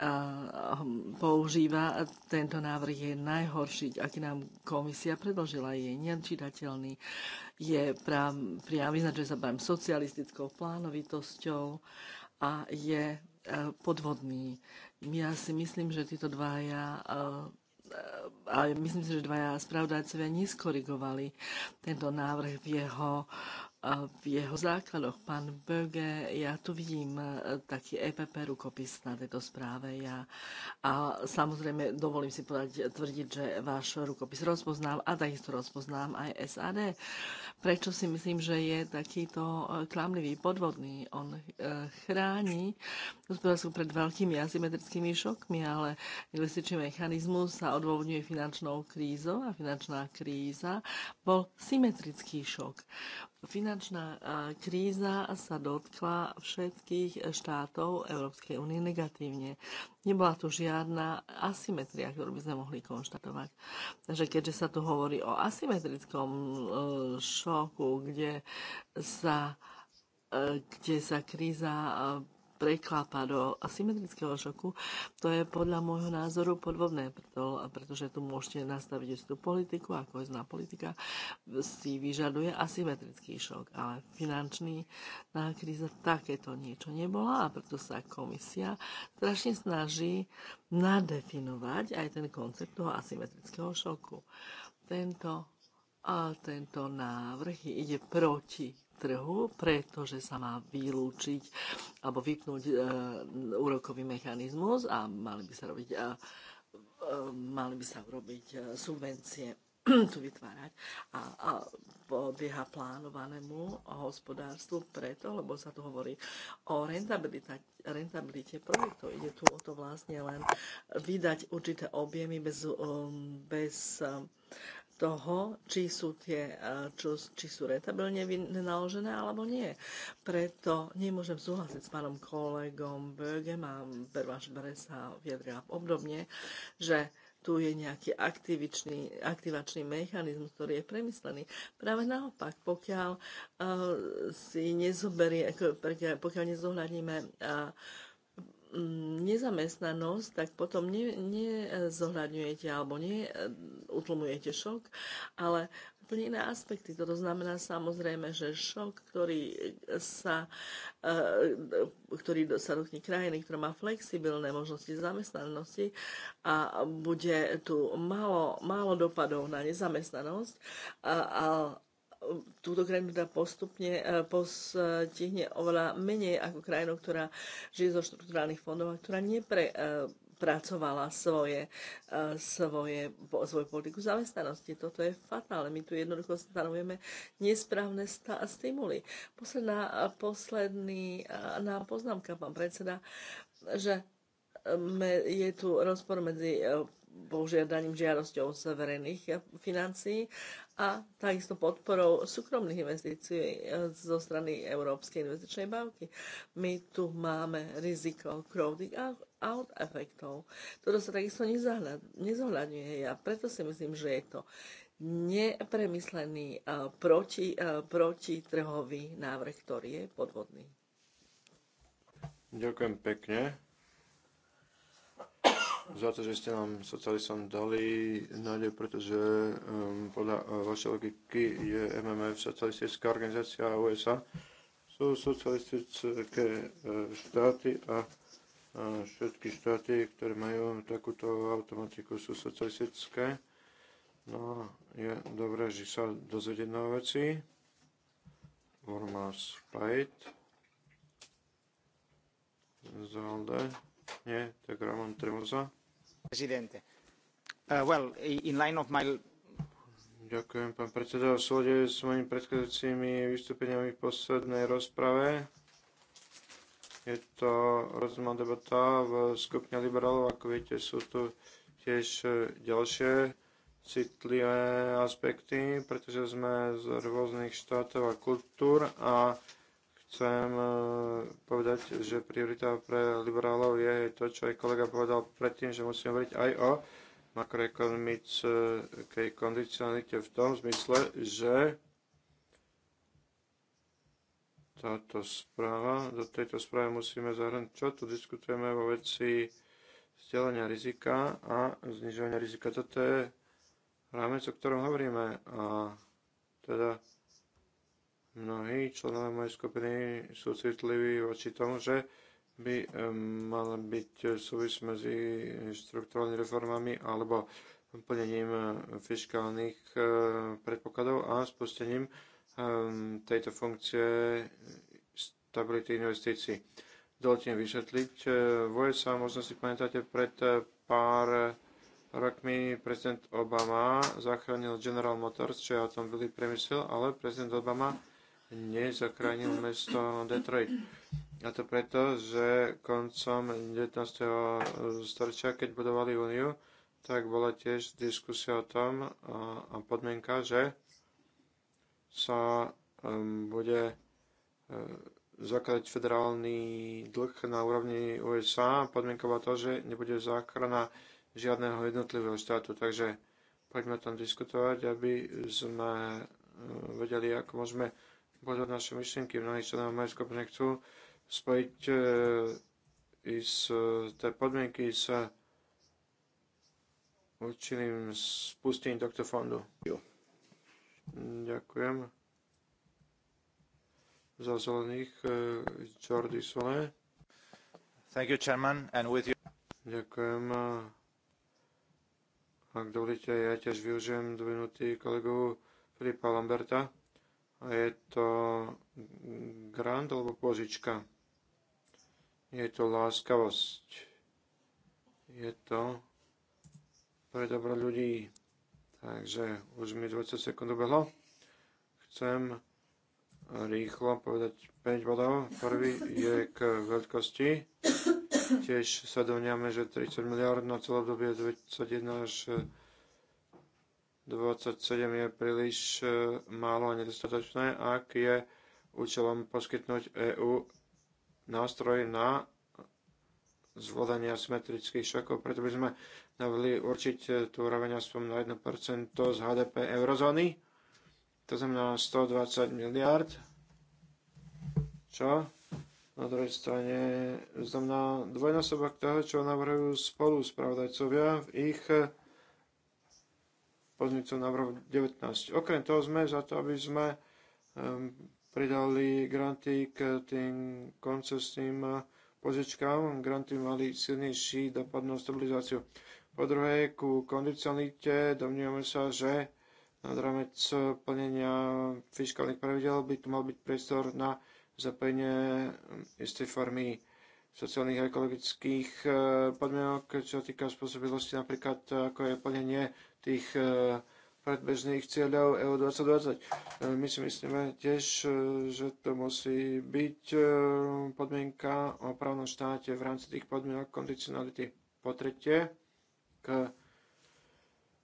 Hm, používa. Tento návrh je najhorší, aký nám komisia predložila. Je nečitateľný, je priam, priam vyznačuje sa priam socialistickou plánovitosťou a je e, podvodný. Ja si myslím, že títo dvaja e, e, a myslím si, že dvaja spravodajcovia neskorigovali tento návrh v jeho v jeho základoch. Pán Böge, ja tu vidím e, taký EPP rukopis na tejto správe. Ja, a samozrejme, dovolím si povedať, tvrdiť, že váš rukopis rozpoznám a takisto rozpoznám aj SAD. Prečo si myslím, že je takýto e, klamlivý, podvodný? On e, chráni hospodárstvo pred veľkými asymetrickými šokmi, ale investičný mechanizmus sa odôvodňuje finančnou krízou a finančná kríza bol symetrický šok. Finančná e, kríza sa dotkla všetkých štátov Európskej únie negatívne. Nebola tu žiadna asymetria, ktorú by sme mohli konštatovať. Takže keďže sa tu hovorí o asymetrickom e, šoku, kde sa, e, kde sa kríza preklapa do asymetrického šoku, to je podľa môjho názoru podvodné, pretože tu môžete nastaviť istú politiku, ako kohezná zná politika, si vyžaduje asymetrický šok, ale finančný kríza takéto niečo nebola a preto sa komisia strašne snaží nadefinovať aj ten koncept toho asymetrického šoku. Tento a tento návrh ide proti trhu, pretože sa má vylúčiť alebo vypnúť e, úrokový mechanizmus a mali by sa robiť e, e, mali by sa robiť e, subvencie tu vytvárať a, a podlieha plánovanému hospodárstvu preto, lebo sa tu hovorí o rentabilite projektov. Ide tu o to vlastne len vydať určité objemy bez, um, bez um, toho, či sú, tie, e, čo, či sú retabilne naložené alebo nie. Preto nemôžem súhlasiť s pánom kolegom Bögem a Bervaš Bresa viedrila obdobne, že tu je nejaký aktivačný mechanizmus, ktorý je premyslený. Práve naopak, pokiaľ uh, si nezoberie, pokiaľ, pokiaľ nezohľadníme uh, Mm, nezamestnanosť, tak potom nezohľadňujete ne alebo neutlmujete šok, ale úplne iné aspekty. Toto znamená samozrejme, že šok, ktorý sa, e, ktorý sa dotkne krajiny, ktorá má flexibilné možnosti zamestnanosti a bude tu málo, málo dopadov na nezamestnanosť, a, a, túto krajinu teda postupne e, postihne oveľa menej ako krajinu, ktorá žije zo štruktúrálnych fondov a ktorá nepre, pracovala svoje, e, svoje, svoju politiku zamestnanosti. Toto je fatálne. My tu jednoducho stanovujeme nesprávne stimuly. Posledná, e, posledný na poznámka, pán predseda, že je tu rozpor medzi požiadaním žiadosťou z verejných financií a takisto podporou súkromných investícií e, zo strany Európskej investičnej banky. My tu máme riziko crowding out efektov. Toto sa takisto nezohľadňuje a preto si myslím, že je to nepremyslený e, proti, e, protitrhový návrh, ktorý je podvodný. Ďakujem pekne za to, že ste nám socialistom dali nádej, pretože um, podľa eh, vašej logiky je MMF socialistická organizácia USA. Sú socialistické eh, štáty a eh, všetky štáty, ktoré majú takúto automatiku, sú socialistické. No, je dobré, že sa dozvedie na veci. Urma Spajt. Zalde. Nie, tak Ramon Tremosa. Uh, Ďakujem, pán predseda. V súlade s mojimi predchádzajúcimi vystúpeniami v poslednej rozprave je to rozumná debata v skupine liberálov. Ako viete, sú tu tiež eh, ďalšie citlivé aspekty, pretože sme z rôznych štátov a kultúr a chcem e, povedať, že priorita pre liberálov je to, čo aj kolega povedal predtým, že musíme hovoriť aj o makroekonomickej kondicionalite v tom zmysle, že táto správa, do tejto správy musíme zahrnúť, čo tu diskutujeme vo veci vzdelania rizika a znižovania rizika. Toto je rámec, o ktorom hovoríme. A teda Mnohí členové mojej skupiny sú citliví voči tomu, že by eh, mal byť eh, súvis medzi štruktúrnymi reformami alebo plnením eh, fiskálnych predpokladov a spustením tejto funkcie stability investícií. Dovolte mi vysvetliť. V USA, možno si pamätáte, pred pár rokmi prezident Obama zachránil General Motors, čo je automobilový priemysel, ale prezident Obama nezachránil mesto Detroit. A to preto, že koncom 19. storočia, keď budovali Uniu, tak bola tiež diskusia o tom a podmienka, že sa um, bude e, zakladať federálny dlh na úrovni USA. Podmienka bola to, že nebude záchrana žiadneho jednotlivého štátu. Takže poďme tam diskutovať, aby sme e, vedeli, ako môžeme podľa naše myšlienky mnohí členov Majerského nechcú spojiť e, i s e, tie podmienky s určeným spustením tohto fondu. Ďakujem. Za zelených e, Jordi Solé. Thank you, Chairman, and with you. Ďakujem. Ak dovolíte, ja tiež využijem dve minúty kolegu Filipa Lamberta. Je to grant alebo požička. Je to láskavosť. Je to pre dobro ľudí. Takže už mi 20 sekúnd ubehlo. Chcem rýchlo povedať 5 bodov. Prvý je k veľkosti. Tiež sa domňame, že 30 miliard na celé obdobie 21 až 27 je príliš e, málo a nedostatočné, ak je účelom poskytnúť EÚ nástroj na zvládanie asymetrických šokov, preto by sme navrhli určiť e, tú úroveň aspoň na 1% z HDP eurozóny, to znamená 120 miliard, čo na druhej strane znamená dvojnásobok toho, čo navrhujú spolu spravodajcovia v ich pozmicom návrhu 19. Okrem toho sme za to, aby sme ehm, pridali granty k tým koncesným e, požičkám. Granty mali silnejší dopad na stabilizáciu. Po druhé, ku kondicionalite domnívame sa, že nad rámec plnenia fiskálnych pravidel by tu mal byť priestor na zapojenie ehm, istej formy sociálnych a ekologických e, podmienok, čo týka spôsobilosti napríklad ako je plnenie tých e, predbežných cieľov EU 2020. E, my si myslíme tiež, e, že to musí byť podmienka o právnom štáte v rámci tých podmienok kondicionality. Po tretie, k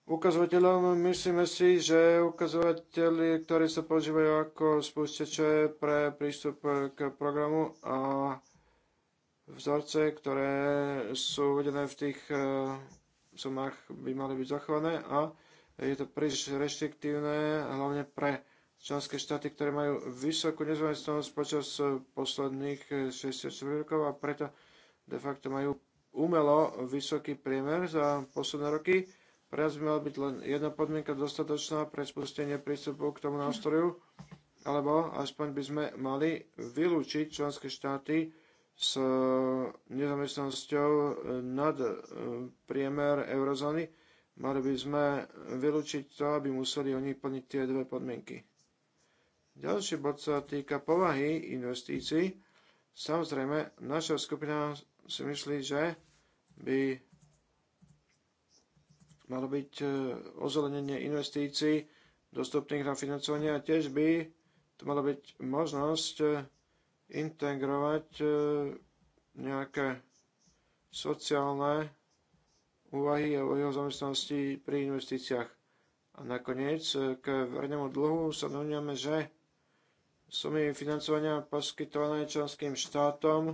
ukazovateľom myslíme si, že ukazovateľi, ktorí sa používajú ako spúšťače pre prístup k programu a vzorce, ktoré sú uvedené v tých sumách by mali byť zachované a je to príliš reštriktívne, hlavne pre členské štáty, ktoré majú vysokú nezamestnanosť počas posledných 64 rokov a preto de facto majú umelo vysoký priemer za posledné roky. Pre nás by mala byť len jedna podmienka dostatočná pre spustenie prístupu k tomu nástroju, alebo aspoň by sme mali vylúčiť členské štáty s e, nezamestnanosťou e, nad e, priemer eurozóny, mali by sme vylúčiť to, aby museli oni plniť tie dve podmienky. Ďalší bod sa týka povahy investícií. Samozrejme, naša skupina si myslí, že by malo byť ozelenenie investícií dostupných na financovanie a tiež by to mala byť možnosť integrovať e, nejaké sociálne úvahy o jeho zamestnanosti pri investíciách. A nakoniec e, k vernému dlhu sa domňame, že sumy financovania poskytované členským štátom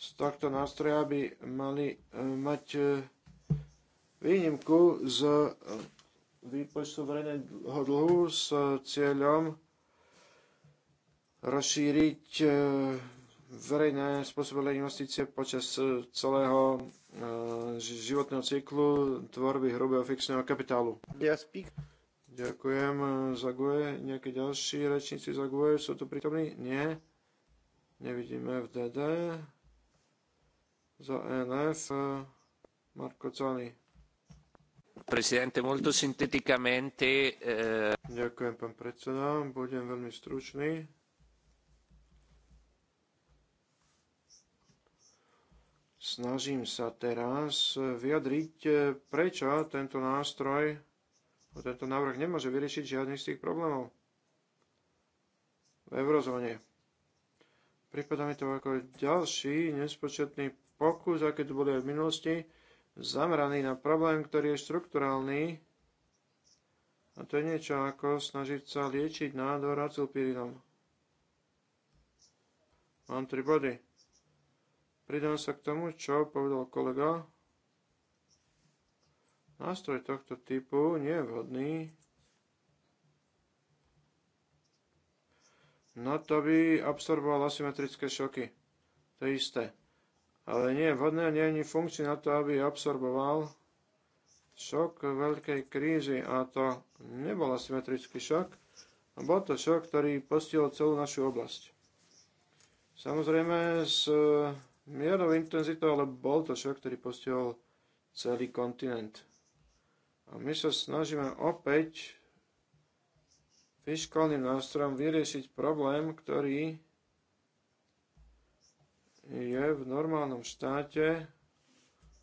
z tohto nástroja by mali e, mať výnimku z výpočtu verejného dlhu s cieľom rozšíriť e, verejné spôsobilé investície počas e, celého e, životného cyklu tvorby hrubého fixného kapitálu. Ďakujem za GUE. Nejaké ďalší rečníci za GUE sú tu prítomní? Nie. Nevidíme v DD. Za NF Marko Cani. molto sinteticamente... Eh... Ďakujem, pán predseda. Budem veľmi stručný Snažím sa teraz vyjadriť, eh, prečo tento nástroj, tento návrh nemôže vyriešiť žiadny z tých problémov v eurozóne. Prípada mi to ako ďalší nespočetný pokus, aké tu boli aj v minulosti, zameraný na problém, ktorý je štrukturálny. A to je niečo ako snažiť sa liečiť nádor acilpirinom. Mám tri body. Pridám sa k tomu, čo povedal kolega. Nástroj tohto typu nie je vhodný na to, aby absorboval asymetrické šoky. To je isté. Ale nie je vhodné, nie je ani funkcii na to, aby absorboval šok veľkej krízy. A to nebol asymetrický šok, a bol to šok, ktorý postihol celú našu oblasť. Samozrejme, s mierou intenzitou, ale bol to šok, ktorý postihol celý kontinent. A my sa snažíme opäť fiskálnym nástrojom vyriešiť problém, ktorý je v normálnom štáte,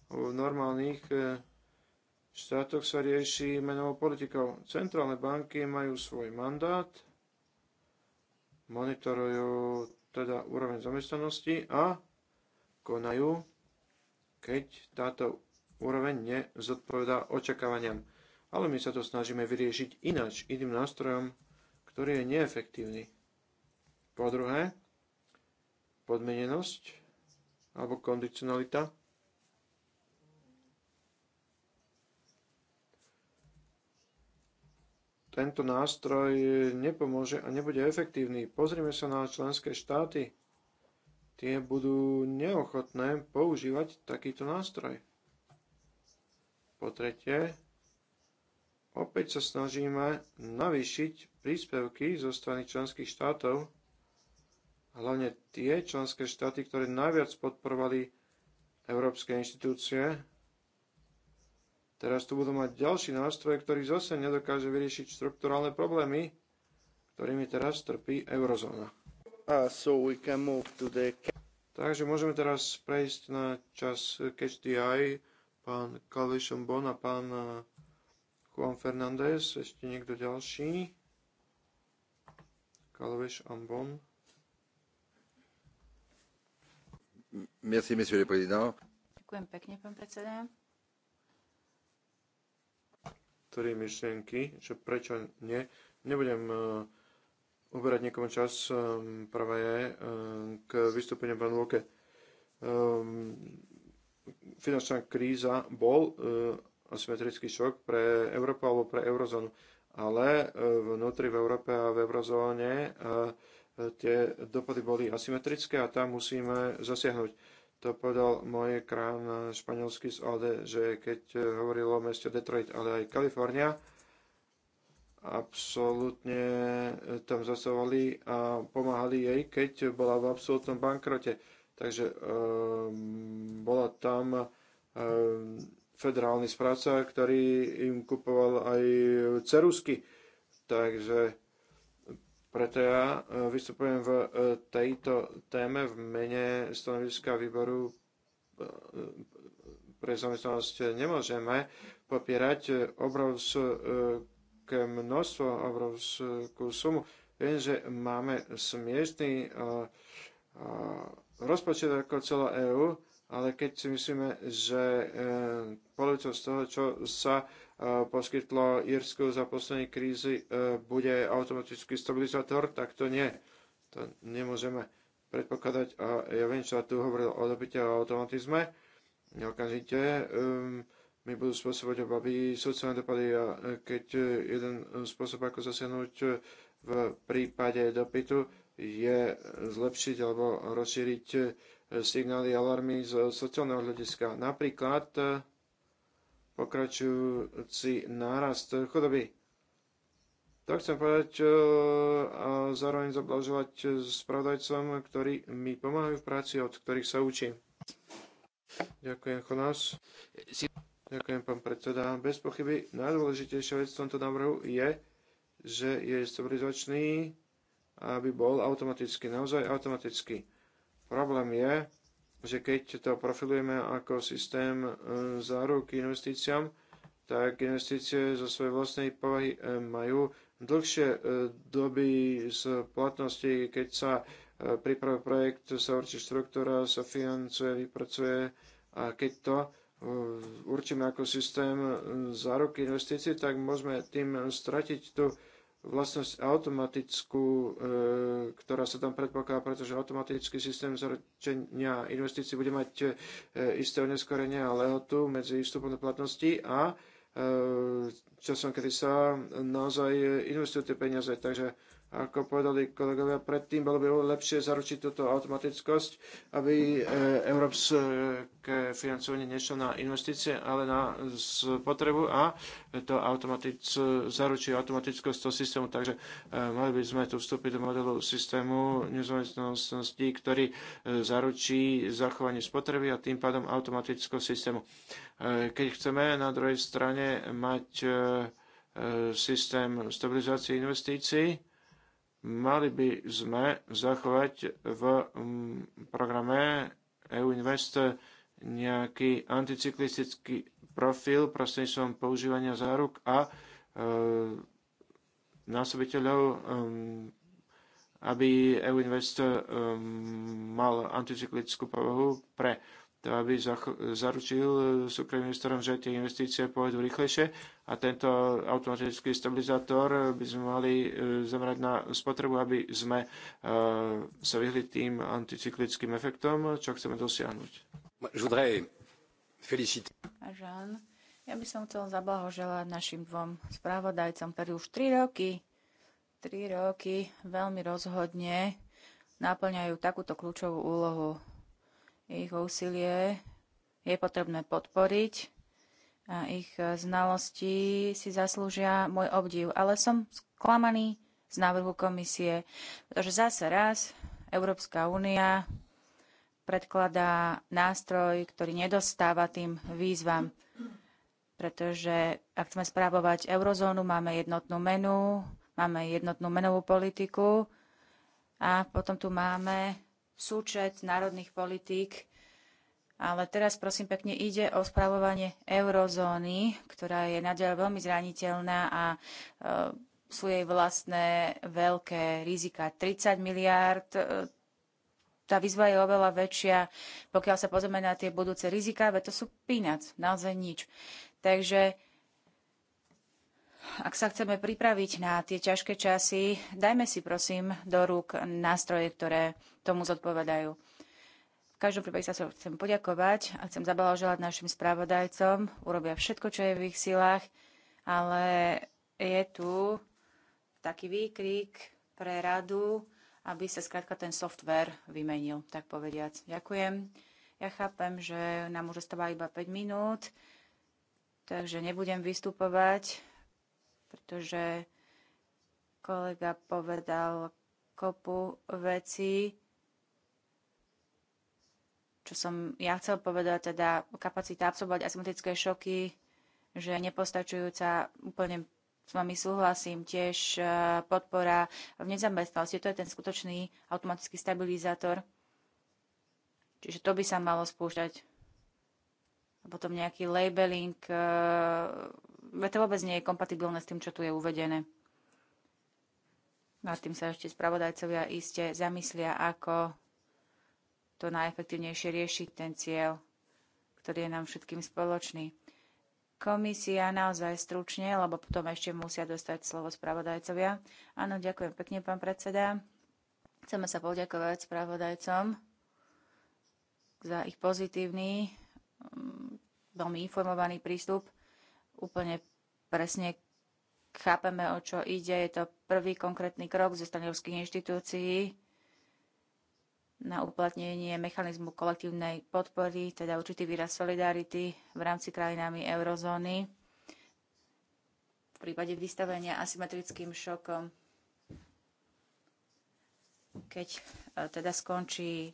v normálnych eh, štátoch sa rieši menovou politikou. Centrálne banky majú svoj mandát, monitorujú teda úroveň zamestnanosti a konajú, keď táto úroveň nezodpovedá očakávaniam. Ale my sa to snažíme vyriešiť ináč, iným nástrojom, ktorý je neefektívny. Po druhé, podmenenosť alebo kondicionalita. Tento nástroj nepomôže a nebude efektívny. Pozrime sa na členské štáty tie budú neochotné používať takýto nástroj. Po tretie, opäť sa snažíme navýšiť príspevky zo strany členských štátov, hlavne tie členské štáty, ktoré najviac podporovali európske inštitúcie. Teraz tu budú mať ďalší nástroj, ktorý zase nedokáže vyriešiť štrukturálne problémy, ktorými teraz trpí eurozóna. Uh, so we can move to the... Takže môžeme teraz prejsť na čas Catch the Eye. Pán Kalvišom Bon a pán uh, Juan Fernández. Ešte niekto ďalší? Kalviš Ambon. Merci, monsieur le président. Ďakujem pekne, pán predseda. Tri myšlienky, že prečo nie. Nebudem uh, uberať niekomu čas. Ehm, práve je ehm, k vystúpeniu pán Luke. Ehm, finančná kríza bol asymetrický šok pre Európu alebo pre eurozónu, ale vnútri v Európe a v eurozóne tie dopady boli asymetrické a tam musíme zasiahnuť. To povedal môj krán španielský z OD, že keď hovoril o meste Detroit, ale aj Kalifornia, absolútne e, tam zasahovali a pomáhali jej, keď bola v absolútnom bankrote. Takže e, bola tam e, federálny správca, ktorý im kupoval aj cerusky. Takže preto ja e, vystupujem v e, tejto téme v mene stanoviska výboru pre zamestnanosť. Nemôžeme popierať obrovskú množstvo, obrovskú sumu. Viem, že máme smiešný eh, eh, rozpočet ako celá EÚ, ale keď si myslíme, že eh, polovicou z toho, čo sa poskytlo Írsku za poslednej krízy, bude automatický stabilizátor, tak to nie. To nemôžeme predpokladať. A ja viem, čo tu hovoril o dobite o automatizme. Neokamžite. Um, mi budú spôsobovať obavy sociálne dopady a e, keď e, jeden e, spôsob, ako zasiahnuť v prípade dopytu, je zlepšiť alebo rozšíriť signály alarmy z sociálneho hľadiska. Napríklad pokračujúci nárast chudoby. To chcem povedať a zároveň zablažovať spravodajcom, ktorí mi pomáhajú v práci, od ktorých sa učím. Ďakujem, Chonás. Ďakujem, pán predseda. Bez pochyby najdôležitejšia vec v tomto návrhu je, že je stabilizačný, aby bol automaticky, naozaj automaticky. Problém je, že keď to profilujeme ako systém e, záruk investíciám, tak investície zo svojej vlastnej povahy e, majú dlhšie e, doby z platnosti, keď sa pripravuje projekt, sa určí štruktúra, sa financuje, vypracuje a keď to E, určíme ako systém záruk investície, tak môžeme tým stratiť tú vlastnosť automatickú, e, ktorá sa tam predpokladá, pretože automatický systém zaručenia investícií bude mať e, isté oneskorenie a lehotu medzi vstupom do platnosti a časom, kedy sa naozaj investujú tie peniaze. Takže ako povedali kolegovia predtým, bolo by lepšie zaručiť túto automatickosť, aby e, európske financovanie nešlo na investície, ale na spotrebu a to automatic, zaručí automatickosť toho systému. Takže e, mali by sme tu vstúpiť do modelu systému nezamestnanosti, ktorý e, zaručí zachovanie spotreby a tým pádom automatickosť systému. Keď chceme na druhej strane mať systém stabilizácie investícií, mali by sme zachovať v mm, programe EU Invest nejaký anticyklistický profil prostredníctvom používania záruk a e, násobiteľov, mm, e, aby EU Invest e, mal anticyklickú povahu pre aby zaručil e, súkromným investorom, že tie investície pôjdu rýchlejšie a tento automatický stabilizátor e, by sme mali e, zamerať na spotrebu, aby sme sa vyhli tým anticyklickým efektom, čo chceme dosiahnuť. Jean, ja by som chcel zablahoželať našim dvom správodajcom, ktorí už 3 roky, 3 roky veľmi rozhodne naplňajú takúto kľúčovú úlohu ich úsilie je potrebné podporiť a ich eh, znalosti si zaslúžia môj obdiv. Ale som sklamaný z návrhu komisie, pretože zase raz Európska únia predkladá nástroj, ktorý nedostáva tým výzvam. Pretože ak chceme správovať eurozónu, máme jednotnú menu, máme jednotnú menovú politiku a potom tu máme súčet národných politík, ale teraz prosím pekne ide o spravovanie eurozóny, ktorá je nadal veľmi zraniteľná a e, sú jej vlastné veľké rizika. 30 miliárd, e, tá výzva je oveľa väčšia, pokiaľ sa pozrieme na tie budúce rizika, veď to sú pínac, naozaj nič. Takže ak sa chceme pripraviť na tie ťažké časy, dajme si prosím do rúk nástroje, ktoré tomu zodpovedajú. V každom prípade sa chcem poďakovať a chcem zabalažovať našim správodajcom. Urobia všetko, čo je v ich silách, ale je tu taký výkrik pre radu, aby sa skrátka ten software vymenil, tak povediac. Ďakujem. Ja chápem, že nám už zostáva iba 5 minút, takže nebudem vystupovať pretože kolega povedal kopu vecí, čo som ja chcel povedať, teda kapacita absorbovať asymetrické šoky, že nepostačujúca, úplne s vami súhlasím, tiež e, podpora v nezamestnanosti, to je ten skutočný automatický stabilizátor. Čiže to by sa malo spúšťať. A potom nejaký labeling e, to vôbec nie je kompatibilné s tým, čo tu je uvedené. Nad tým sa ešte spravodajcovia iste zamyslia, ako to najefektívnejšie riešiť ten cieľ, ktorý je nám všetkým spoločný. Komisia naozaj stručne, lebo potom ešte musia dostať slovo spravodajcovia. Áno, ďakujem pekne, pán predseda. Chceme sa poďakovať spravodajcom za ich pozitívny, mm, veľmi informovaný prístup úplne presne chápeme, o čo ide. Je to prvý konkrétny krok ze strany európskych inštitúcií na uplatnenie mechanizmu kolektívnej podpory, teda určitý výraz solidarity v rámci krajinami eurozóny v prípade vystavenia asymetrickým šokom, keď e, teda skončí e,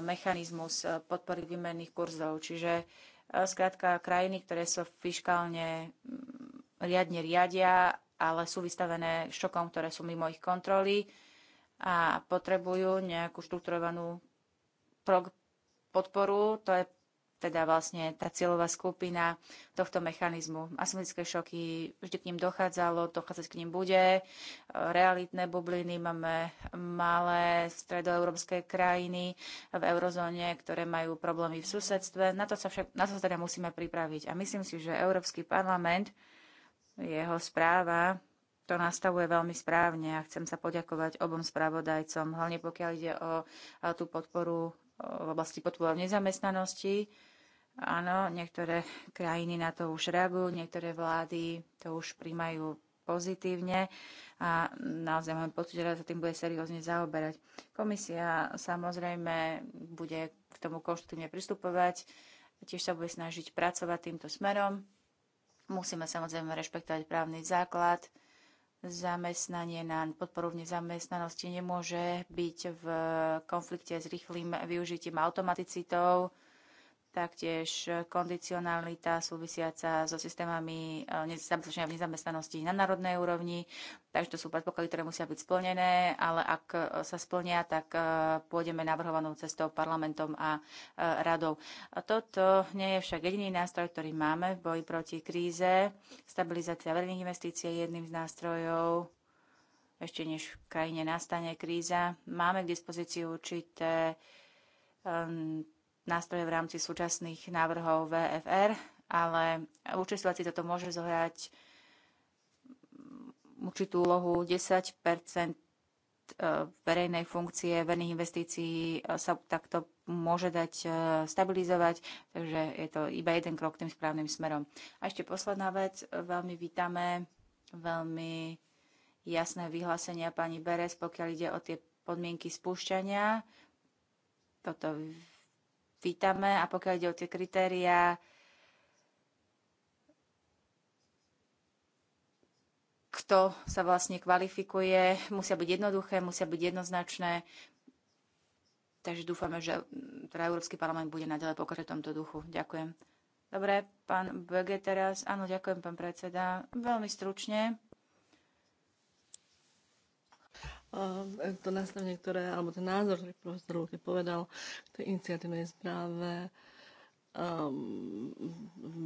mechanizmus e, podpory výmenných kurzov. Čiže E, Skrátka krajiny, ktoré sa fiskálne mm, riadne riadia, ale sú vystavené šokom, ktoré sú mimo ich kontroly a potrebujú nejakú štrukturovanú podporu. To je teda vlastne tá cieľová skupina tohto mechanizmu. Asymetrické šoky, vždy k ním dochádzalo, dochádzať k ním bude. Realitné bubliny máme malé stredoeurópske krajiny v eurozóne, ktoré majú problémy v susedstve. Na to sa, však, na to sa teda musíme pripraviť. A myslím si, že Európsky parlament, jeho správa, to nastavuje veľmi správne a chcem sa poďakovať obom spravodajcom, hlavne pokiaľ ide o tú podporu v oblasti podporu nezamestnanosti Áno, niektoré krajiny na to už reagujú, niektoré vlády to už príjmajú pozitívne a naozaj máme pocit, že sa tým bude seriózne zaoberať. Komisia samozrejme bude k tomu konštruktívne pristupovať, tiež sa bude snažiť pracovať týmto smerom. Musíme samozrejme rešpektovať právny základ. Zamestnanie na podporu v nezamestnanosti nemôže byť v konflikte s rýchlým využitím automaticitou taktiež kondicionalita súvisiaca so systémami e, zabezpečenia v nezamestnanosti na národnej úrovni. Takže to sú predpoklady, ktoré musia byť splnené, ale ak e, sa splnia, tak e, pôjdeme navrhovanou cestou parlamentom a radou. A toto nie je však jediný nástroj, ktorý máme v boji proti kríze. Stabilizácia verejných investícií je jedným z nástrojov ešte než v krajine nastane kríza. Máme k dispozícii určité um, nástroje v rámci súčasných návrhov VFR, ale určite si toto môže zohrať určitú úlohu 10 e, verejnej funkcie, verejných investícií e, sa takto môže dať e, stabilizovať, takže je to iba jeden krok tým správnym smerom. A ešte posledná vec, veľmi vítame veľmi jasné vyhlásenia pani Beres, pokiaľ ide o tie podmienky spúšťania. Toto vítame a pokiaľ ide o tie kritériá, kto sa vlastne kvalifikuje, musia byť jednoduché, musia byť jednoznačné. Takže dúfame, že teda Európsky parlament bude naďalej pokračovať v tomto duchu. Ďakujem. Dobre, pán Böge teraz. Áno, ďakujem, pán predseda. Veľmi stručne. Ehm, to nastavenie, ktoré, alebo ten názor, ktorý profesor Luke povedal v tej iniciatívnej správe, um,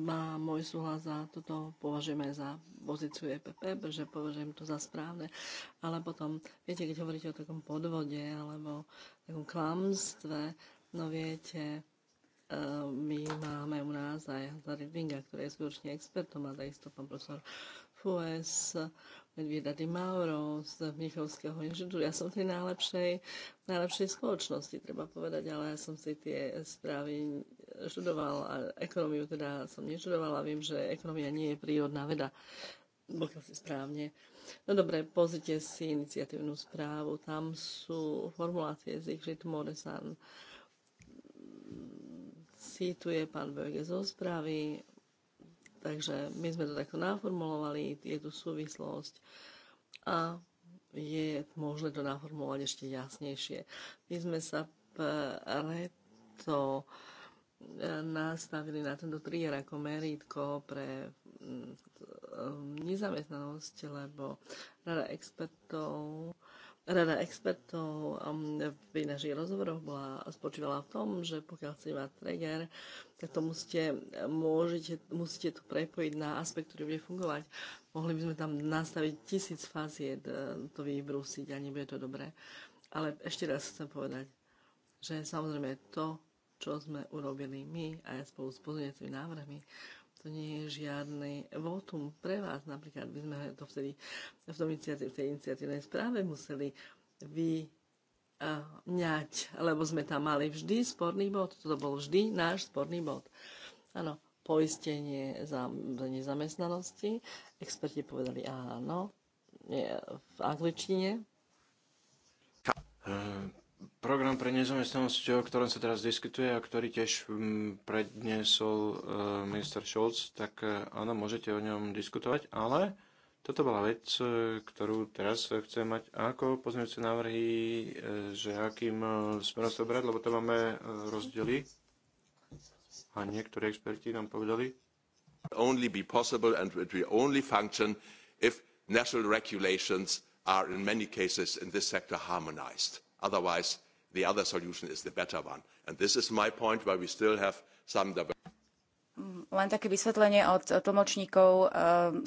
má môj súhlas a toto považujeme za pozíciu EPP, že považujem to za správne. Ale potom, viete, keď hovoríte o takom podvode alebo takom klamstve, no viete, ehm, my máme u nás aj Hazara Vinga, ktorý je skutočne expertom a takisto pán profesor FUS, Medvieda Di Mauro z Mnichovského inštitútu. Ja som v tej najlepšej, najlepšej spoločnosti, treba povedať, ale ja som si tie správy študoval a ekonomiu teda som a Viem, že ekonomia nie je prírodná veda, pokiaľ si správne. No dobre, pozrite si iniciatívnu správu. Tam sú formulácie z ich Moresan. Cituje pán Böge zo správy, Takže my sme to takto naformulovali, je tu súvislosť a je možné to naformulovať ešte jasnejšie. My sme sa preto e, nastavili na tento trier ako meritko pre mm, e, nezamestnanosť, lebo rada expertov Rada expertov um, pri našich rozhovoroch bola, spočívala v tom, že pokiaľ chcete mať trigger, tak to musíte, môžete, musíte to prepojiť na aspekt, ktorý bude fungovať. Mohli by sme tam nastaviť tisíc faziet, e, to vybrúsiť a nebude to dobré. Ale ešte raz chcem povedať, že samozrejme to, čo sme urobili my a ja spolu s pozornicami návrhmi, to nie je žiadny votum pre vás. Napríklad by sme to vtedy v, tom iniciatív, v tej iniciatívnej správe museli vyňať, ňať, lebo sme tam mali vždy sporný bod. Toto bol vždy náš sporný bod. Áno, poistenie za, nezamestnanosti. Experti povedali áno, nie, v angličtine program pre nezamestnanosť, o ktorom sa teraz diskutuje a ktorý tiež mm, predniesol e, minister Scholz, tak e, áno, môžete o ňom diskutovať, ale toto bola vec, e, ktorú teraz chcem mať ako pozmeňujúce návrhy, že akým smerom sa brať, lebo to máme rozdiely. A niektorí experti nám povedali. Only be possible and it will only function if national regulations are in many cases in this sector harmonized Otherwise, the other solution is the better one. And this is my point where we still have some mm, len také vysvetlenie od tlmočníkov. Ehm,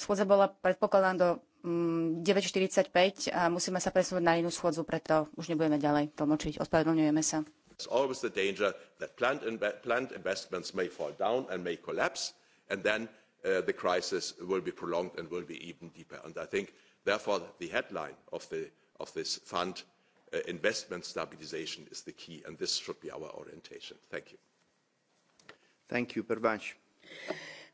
schôdza bola predpokladám do 9.45 mm, a musíme sa presunúť na inú schôdzu, preto už nebudeme ďalej tlmočiť. Ospravedlňujeme sa. There's always the danger that plant, in plant investments may fall down and may collapse, and then uh, the crisis will be prolonged and will be even deeper. And I think, therefore, the headline of, the, of this fund Uh, investment stabilisation is the key, and this should be our orientation. Thank you. Thank you, Pervanche.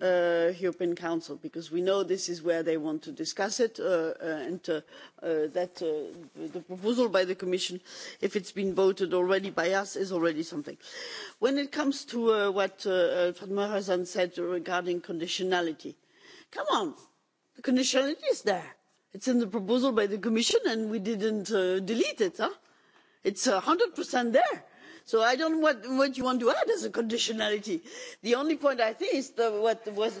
uh, european council because we know this is where they want to discuss it uh, uh and uh, uh, that the proposal by the commission if it's been voted already by us is already something. when it comes to what fatma hazan said regarding conditionality come on the conditionality is there it's in the proposal by the commission and we didn't delete it huh? it's one hundred there so i don't know what, what you want to add as a conditionality. the only point i think is the, what was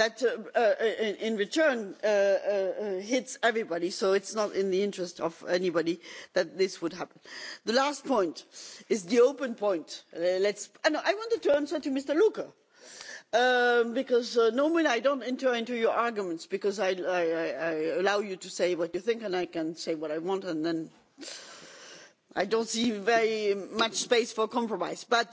that uh, uh in return uh, uh, uh, hits everybody so it is not in the interest of anybody that this would happen. the last point is the open point. Uh, let's, no, i wanted to answer to mr louca um, because normally i don't enter into your arguments because I, I, i allow you to say what you think and i can say what i want and then i don't see very much space for compromise but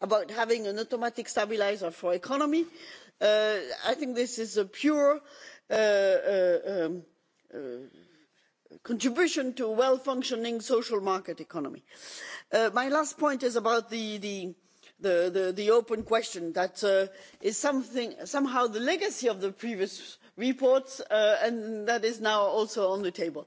about having an automatic stabiliser for the economy uh, i think this is a pure uh, uh, um, contribution to a well functioning social market economy. my last point is about the, the The, the, the open question that is something somehow the legacy of the previous reports and that is now also on the table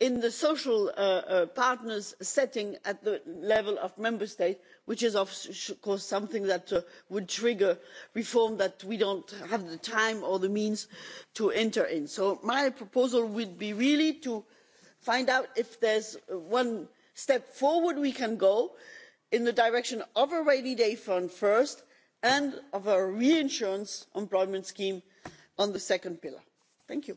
in the social uh, uh, partners setting at the level of member states which is of course something that uh, would trigger reform that we don't have the time or the means to enter into. so my proposal would be really to find out if there's one step forward we can go in the direction of a rainy day fund first and of a reinsurance employment scheme on the second pillar. thank you